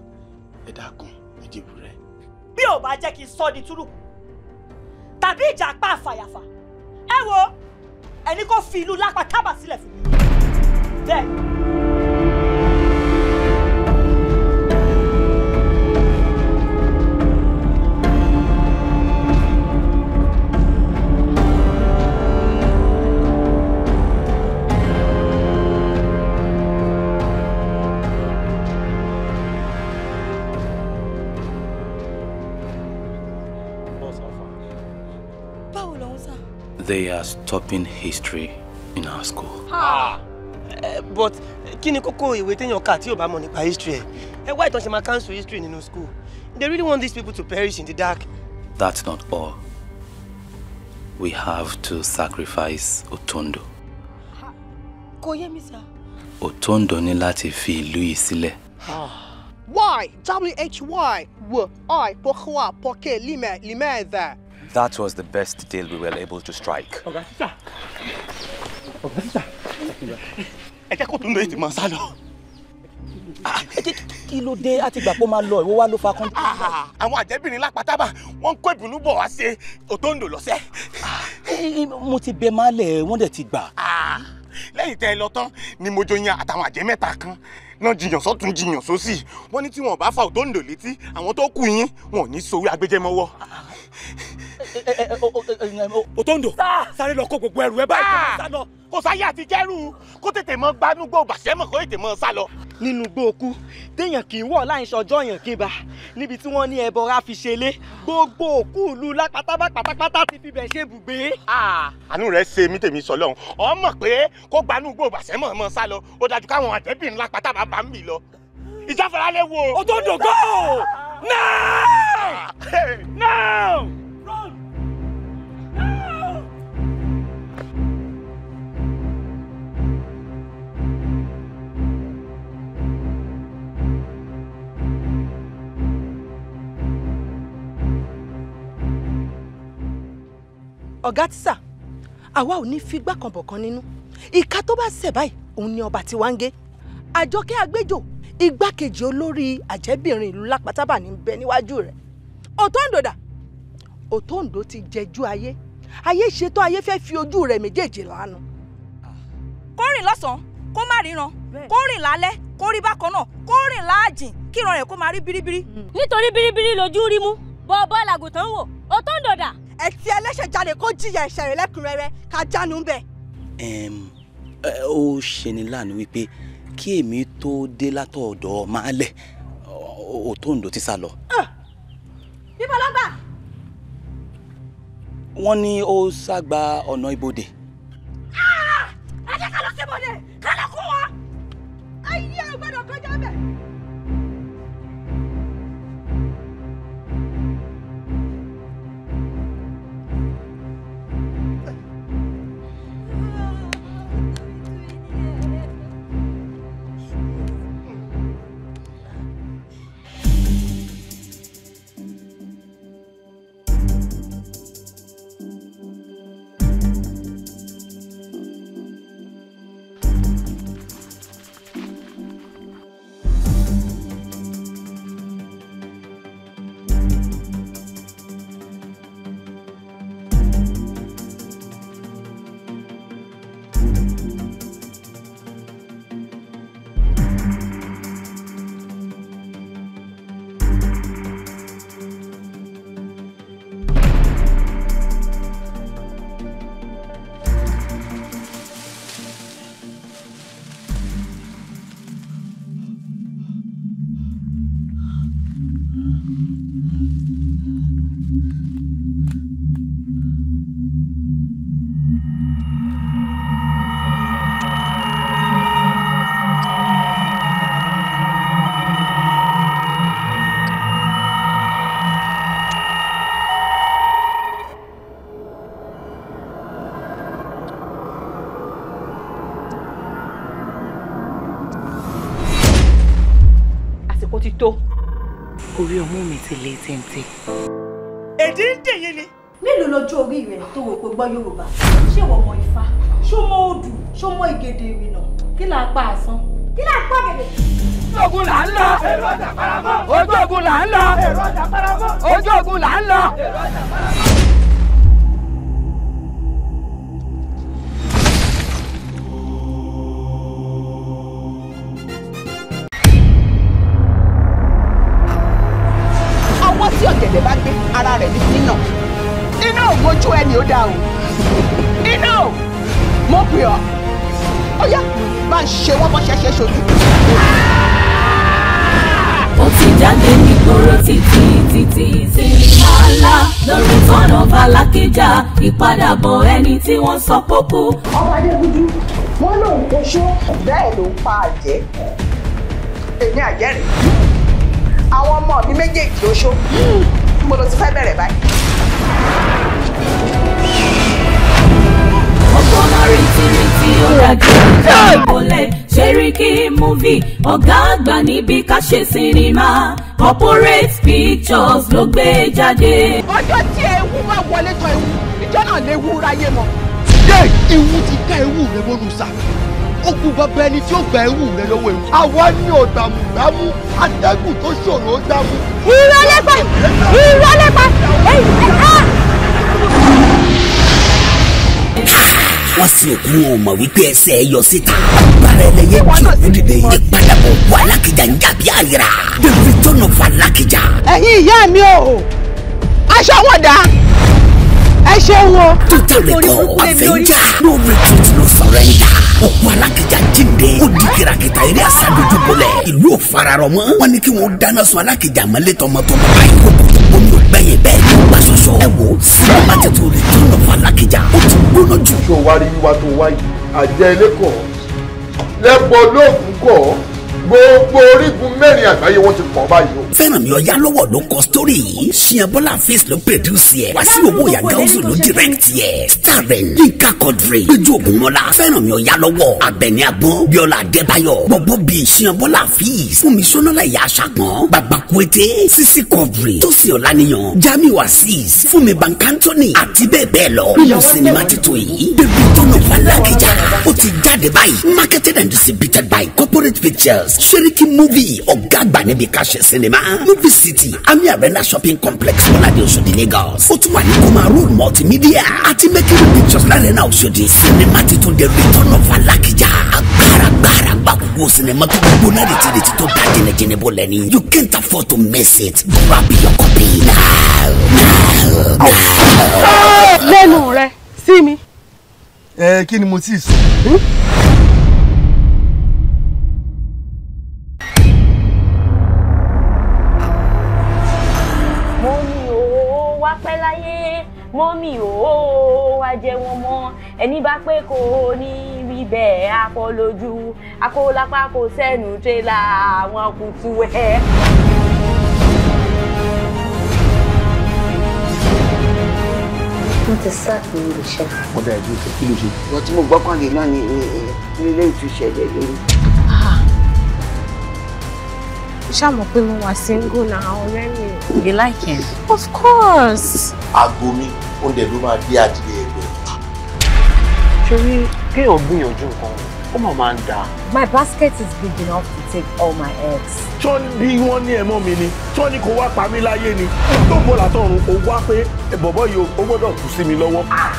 ẹ dákun ẹ dìbò rẹ. bí ò bá jẹ́ kí n sọ di túrùkù tàbí ìjà apá àfàyàfà ẹ wo ẹni kò fi ìlú lápá tábà sílẹ̀ fún mi bẹ́ẹ̀. They are stopping history in our school. Ah. Uh, but kini koko kókó ìwé your car tí ò bá mọ̀ nípa history ẹ̀ ẹ wá ìtàn ṣe máa cancel history nínú school they really want these people to perish in the dark. That's not all we have to sacrifice Otondo. kò yé mi sá. Otondo ní láti fi ìlú yìí sílẹ̀. why why wo i pokowa poke lime lime there. That was the best deal we were able to strike. Ọ̀gá sísà, ọ̀gá sísà, ẹ jẹ́ kó tún lóye tí màá sá lọ. Ah, kí ló dé àti ìgbà pé ó máa lọ ìwọ wá ló fa kán. Ah, àwọn àjẹbìnrin lápátábà wọ́n ń kó ìbùnú bọ̀ wá ṣe òtóǹdò lọ́sẹ̀. Ah, mo ti bẹ málẹ̀ wọ́n dẹ̀ ti gbà. Lẹ́yìn tẹ́ ẹ lọ tán ni mo joyin àtàwọn àjẹ́ mẹ́ta kan náà jiyàn sọ́tún jiyàn sósì. Wọ́n ní tí wọn ò bá fa òtóǹdò létí àwọn tó kù yín wọn ò ní sowí agbẹ́jẹ́mọ́wọ́ òtóńdò sáré lọ kó gbogbo ẹrù ẹ báyìí kó máa sá lọ kó sáyé àti jẹ́rù kó tètè mọ gbanúgbò bàṣẹ́ mọ̀ kó tètè mọ sá lọ. nínú gbòòkú téèyàn kì í wọ̀ láì ṣọjọ́ èèyàn kíba níbi tí wọ́n ní ẹbọra fi ṣe lé gbogbo òkú ìlú lápátábá pátápátá ti fi bẹ̀ ṣe bùgbé. àánú rẹ ṣe mí tèmi sọ lọhùn ọmọ pé kó gbanúgbò bàṣẹ́ mọ̀ mọ̀ sá lọ ó dájú káwọn àdẹ́bìnrin lápátábá bá ń bì lọ ìjáfara lè wo. òtóńdò go now ah! now. ọ̀gá tísà àwa ò ní figbá kan bọ̀ kan nínú ìka tó bá ṣẹ̀ báyìí òun ni ọba tiwa ń gé àjọkẹ́ àgbéjò igbákejì olórí àjẹbìnrin ìlú lápátábà ní bẹ níwájú rẹ̀ òtóǹdòdà òtóǹdò ti jẹjú ayé ayé ṣetán ayé fẹ́ fi ojú rẹ̀ méjèèjì lánàá. kó rìn lọ́sàn-án kó má ríran kó rìn lálẹ́ kó rí bákan náà kó rìn láàjìn kíran rẹ̀ kó máa rí biribiri. nítorí biribiri lójú rí bọ́ọ̀bọ́ làgùntàn wò òtóǹdòdà ẹtì ẹlẹ́ṣẹ̀ jáde kó jìyà ẹ̀ṣẹ̀ rẹ̀ lẹ́kùnrẹ́rẹ́ ká jánu ń bẹ̀. ó ṣe ni láàánú wípé kí èmi tó dé látọ̀dọ̀ máa lẹ̀ òtóǹdó ti sá lọ. ibo ah! ló gbà. wọ́n ní ó ságba ọ̀nà ibodè. Ah! ẹ jẹ́ ká lọ sí ibodè ká lọ kó wọn. ayé àgbàdo kọjá bẹ́ẹ̀. Yorùbá ṣé wọ́n mọ Ifá ṣó mọ Odù ṣó mọ Ìgèdè ìrìnà kí là á pa àsán alákíjà ìpadàbọ̀ ẹni tí wọ́n sọ pókú. ọmọ adébúdú wọn lòun kò ṣó bẹ́ẹ̀ ló ń pa àjẹ́ èmi àjẹrè àwọn ọmọ mi méjèèjì ló ṣó mo lọ ti fẹ́ bẹ̀rẹ̀ báyìí. ọ̀pọ̀lọ́ rìntìrìntì ó rajò ìbọ̀lẹ̀ ṣeríkì múvì ọ̀gá àgbà níbi ká ṣe sinimá corporate pictures ló gbé jáde. ọjọ́ tí wọlé tọ ewu ìjọ náà léwu ráyé mọ. ṣé ewu ti ká ewu rẹ wọnú sá ó kú bàbá ẹni tí ó gba ewu rẹ lọ́wọ́ ewu. àwa ni ọ̀dàmùdàmù atẹ́gùn tó ṣòro dàmú. irọ́ lẹ́pà irọ́ lẹ́pà èyí ẹ̀ka. wọ́n sin òkú wọn ò mọ̀ wípé ẹsẹ̀ ẹ yọ síta. bára ẹ lẹyẹ tí òkú dìde ìpadàbọ̀ wà lákìjà ń jà bí àyíra. the return of alákìjà. ẹ̀yin ìyá mi o aṣọ wọn dá ẹ ṣeun o. ìtẹ̀lẹ̀kọ̀ àfẹ́jà no retreat no surrender. ọ̀pọ̀ alákìjà jíǹde ó di kìràkìtà eré àsádójúbolẹ̀. ìlú ò fararọ̀ mọ́ wọ́n ní kí wọ́n dáná sun alákìjà mọ́lẹ̀ tọmọtọmọ báyìí kó kótó omi ò gbẹ̀yìn bẹ́ẹ̀ ní ọgbà ṣoṣo. ẹ wo sinimá tètè ò lè tó lọ fún alákìjà ó ti gbóná jù. ṣé o wá rí wá tó wáyé àjẹ ilé kọ̀ lẹ́pọ̀ lóògùn kọ̀ gbogbo orígun mẹ́rin àgbáyé wọ́n ti pọ̀ báyìí o. fẹ́ràn mi ọ̀yá lọ́wọ́ ló kọ sítórì yìí ṣìyàn bọ́lá face ló pèdúsì ẹ̀ wá sí owó ìyá gáúsù ló dírẹ́kìtì ẹ̀ starring yínká kọ́dìrì lójú ògùnmọ́lá fẹ́ràn mi ọ̀yá lọ́wọ́ abẹ́ni agbọ́n bíọ́lá adébáyọ̀ bọ̀bọ̀ bíi ṣìyàn bọ́lá fíìs fúnmi sọ́nọ́lá ìyá aṣàgbọ́n bàbá kuete sisi kọ́dìrì tósì ọ̀lànìyàn jamiu asis fúnmi bankantoni àti bẹ́ẹ̀ bẹ́ẹ̀ lọ nínú sinimá titun yìí bèbí tọ́nà falákìjà ó ti jáde báyìí marketed and distributed by corporate pictures seriki movie ọ̀gá àgbà níbi ká ṣe sinimá movie city ami arena shopping complex mọ́ládé Òṣòdì Lagos ó tún wà ní koma road multimedia àti mekiri pictures lárẹ́nà Òṣòdì sinimá titun the return of alákìjà agbáragbára gbàgbó sinimá tó gbóná retireti tó dá jẹnẹjẹnẹ bó lẹ́ni you can't afford to miss it grab your copy now now now. lẹ́nu rẹ̀ sí mi. ẹ kí ni mo ti sọ. Hmm? mọ́mì òó wá jẹ wọn mọ́ ẹni bá pé kò ní rí bẹ́ẹ̀ akọ lójú akọ lápá kò sẹ́nu tírélà àwọn kùtù ẹ̀. wọ́n ti sáàkì ní iṣẹ́. wọ́n bẹ̀rẹ̀ ju ìfẹ́ kí ló ṣe. ìwọ tí mo gbọ́kànlé náà ni ilé ìtúsẹ̀lẹ̀ lórí. Ah. ṣáà mọ̀ pé mo wà single náà ọ̀rẹ́ mi You like him? Of course. Àgbo mi, oúnjẹ ló máa dé adìyẹ ẹgbẹ́. Ṣorí kéèyàn gbìyànjú nǹkan ó mà máa ń dà. My basket is big enough to take all my eggs. Tọ́ni wọ́n ní ẹ̀mọ́ mi ni, tọ́ni kò wá pa mí láyé ni. Tó bọ̀ látọ̀run, o wá pé bọ̀bọ̀ yìí o gbọ́dọ̀ kù sí mi lọ́wọ́ ah!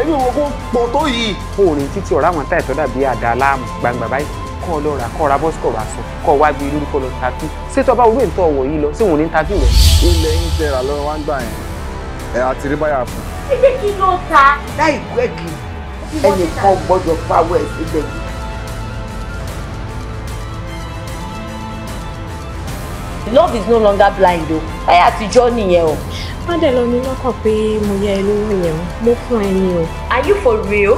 ẹbí wo kó pọ̀ tó yìí. orin títí ọ̀rá àwọn táyà tó dàbí àdá aláàmù gbangba báyìí kọ́ lọ rà kọ́ ra bọ́sì kọ́ ra sọ kọ́ wá gbé lórí kọ́ lọ tàbí ṣé tó bá wúlò ìtọ́ ọ̀wọ̀ yìí lọ sí òun ní tàbí rẹ̀. ilẹ̀ ń tẹ̀ra lọ́wọ́ wá ń gbà yẹn ẹ̀ àti rí báyà fún. ṣé kí ló ta. láì pẹ́ kí ẹnìkan gbọ́dọ̀ pawọ́ ẹ̀ síbẹ̀ love is no longer blind o láyé àtijọ́ nìyẹn o. wọ́n dẹ̀ lọ ní lọ́kàn pé mo yẹ ẹ lówó yẹn mo fún ẹ ní o. are you for real?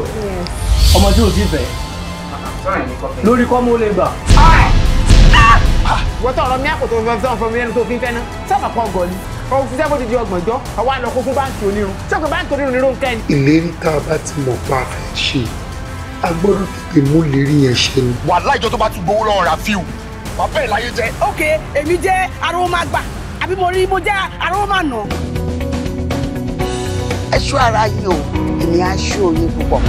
ọmọ tí o ti fẹ́ lórí kọ́mú ó lè gbà. wọ́n tọ̀ ọ̀rọ̀ mi àpò tó fẹ́ fẹ́ fẹ́ mi lẹ́nu tó fi ń fẹ́ ná sábà kan gọ̀ ni o fi sẹ́kọ̀ọ́ ti di ọgbọ̀njọ́ àwa lọ kó fún báńkì onírun sẹ́kọ̀ọ́ báńkì onírun ni ronke ìlérí tá a bá ti mọ̀ pa ṣe a gbọ́dọ̀ tètè mú ìlérí yẹn ṣe ni. wàhálà ìjọ tó bá ti gbowó lọ́wọ́ Rafiu bàbá ẹ̀ láyé jẹ́. ok èmi jẹ́ arówó máa gbà àbí mo rí mo jẹ́ arówó máa nà. ẹ ara yín o èmi á ṣọ́ púpọ̀.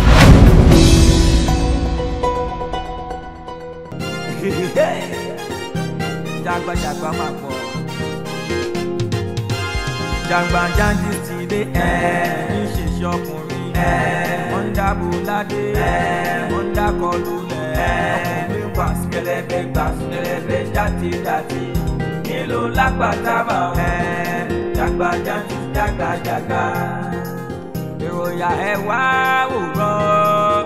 jagbajagba máa pọ̀ jagbajanji ti de dé níṣèṣe ọkùnrin wọ́n dábò ládé wọ́n dákọlù lẹ̀ ọkùnrin wà sílẹ̀bẹ̀ gbà sílẹ̀bẹ̀ jáde jáde nílò lágbàtàbà jagbajanji jagbajagba èròyà ẹ̀ wá òwúrọ̀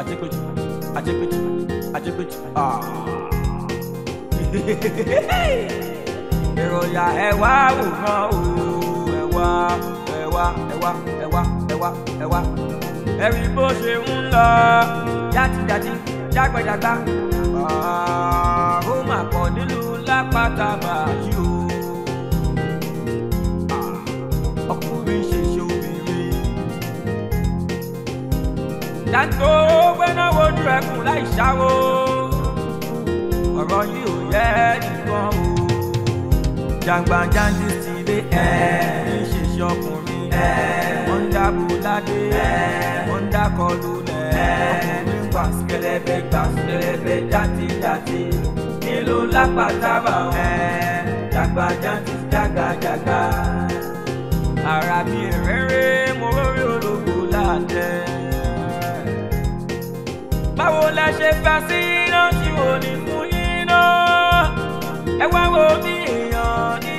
àjẹpẹ̀jù àjẹpẹ̀jù ajibiti ah. ìròyà ẹ wá wòran o ẹ ewa ewa ewa ewa. wá ẹ wá ẹ wá ẹ wá ẹ rí bó ṣe ń lọ játijàti jágbẹjàgbá ah, ó mà pọ̀ nílùú lápáta bàyí ṣàǹtó gbéná wojú ẹkùn láì ṣáwó ọ̀rọ̀ yìí ò yẹ nìkan o jàǹgbàjàǹdì ti lé ẹ̀ ṣèṣe ọkùnrin wọ́n ń dábò ládé wọ́n ń dákọlù lẹ̀ ọkùnrin wà sílẹ̀bẹ̀ gbà sílẹ̀bẹ̀ játíjátí nílò lápátábà ọ̀ jàǹgbàjàǹdì jàgàjàgà àràbí ìrẹ́rẹ́ mo rórí ológo láàtẹ̀ báwo lẹ ṣe gbà sí iná tí wò ní fún iná ẹ wá wo bí èèyàn ní.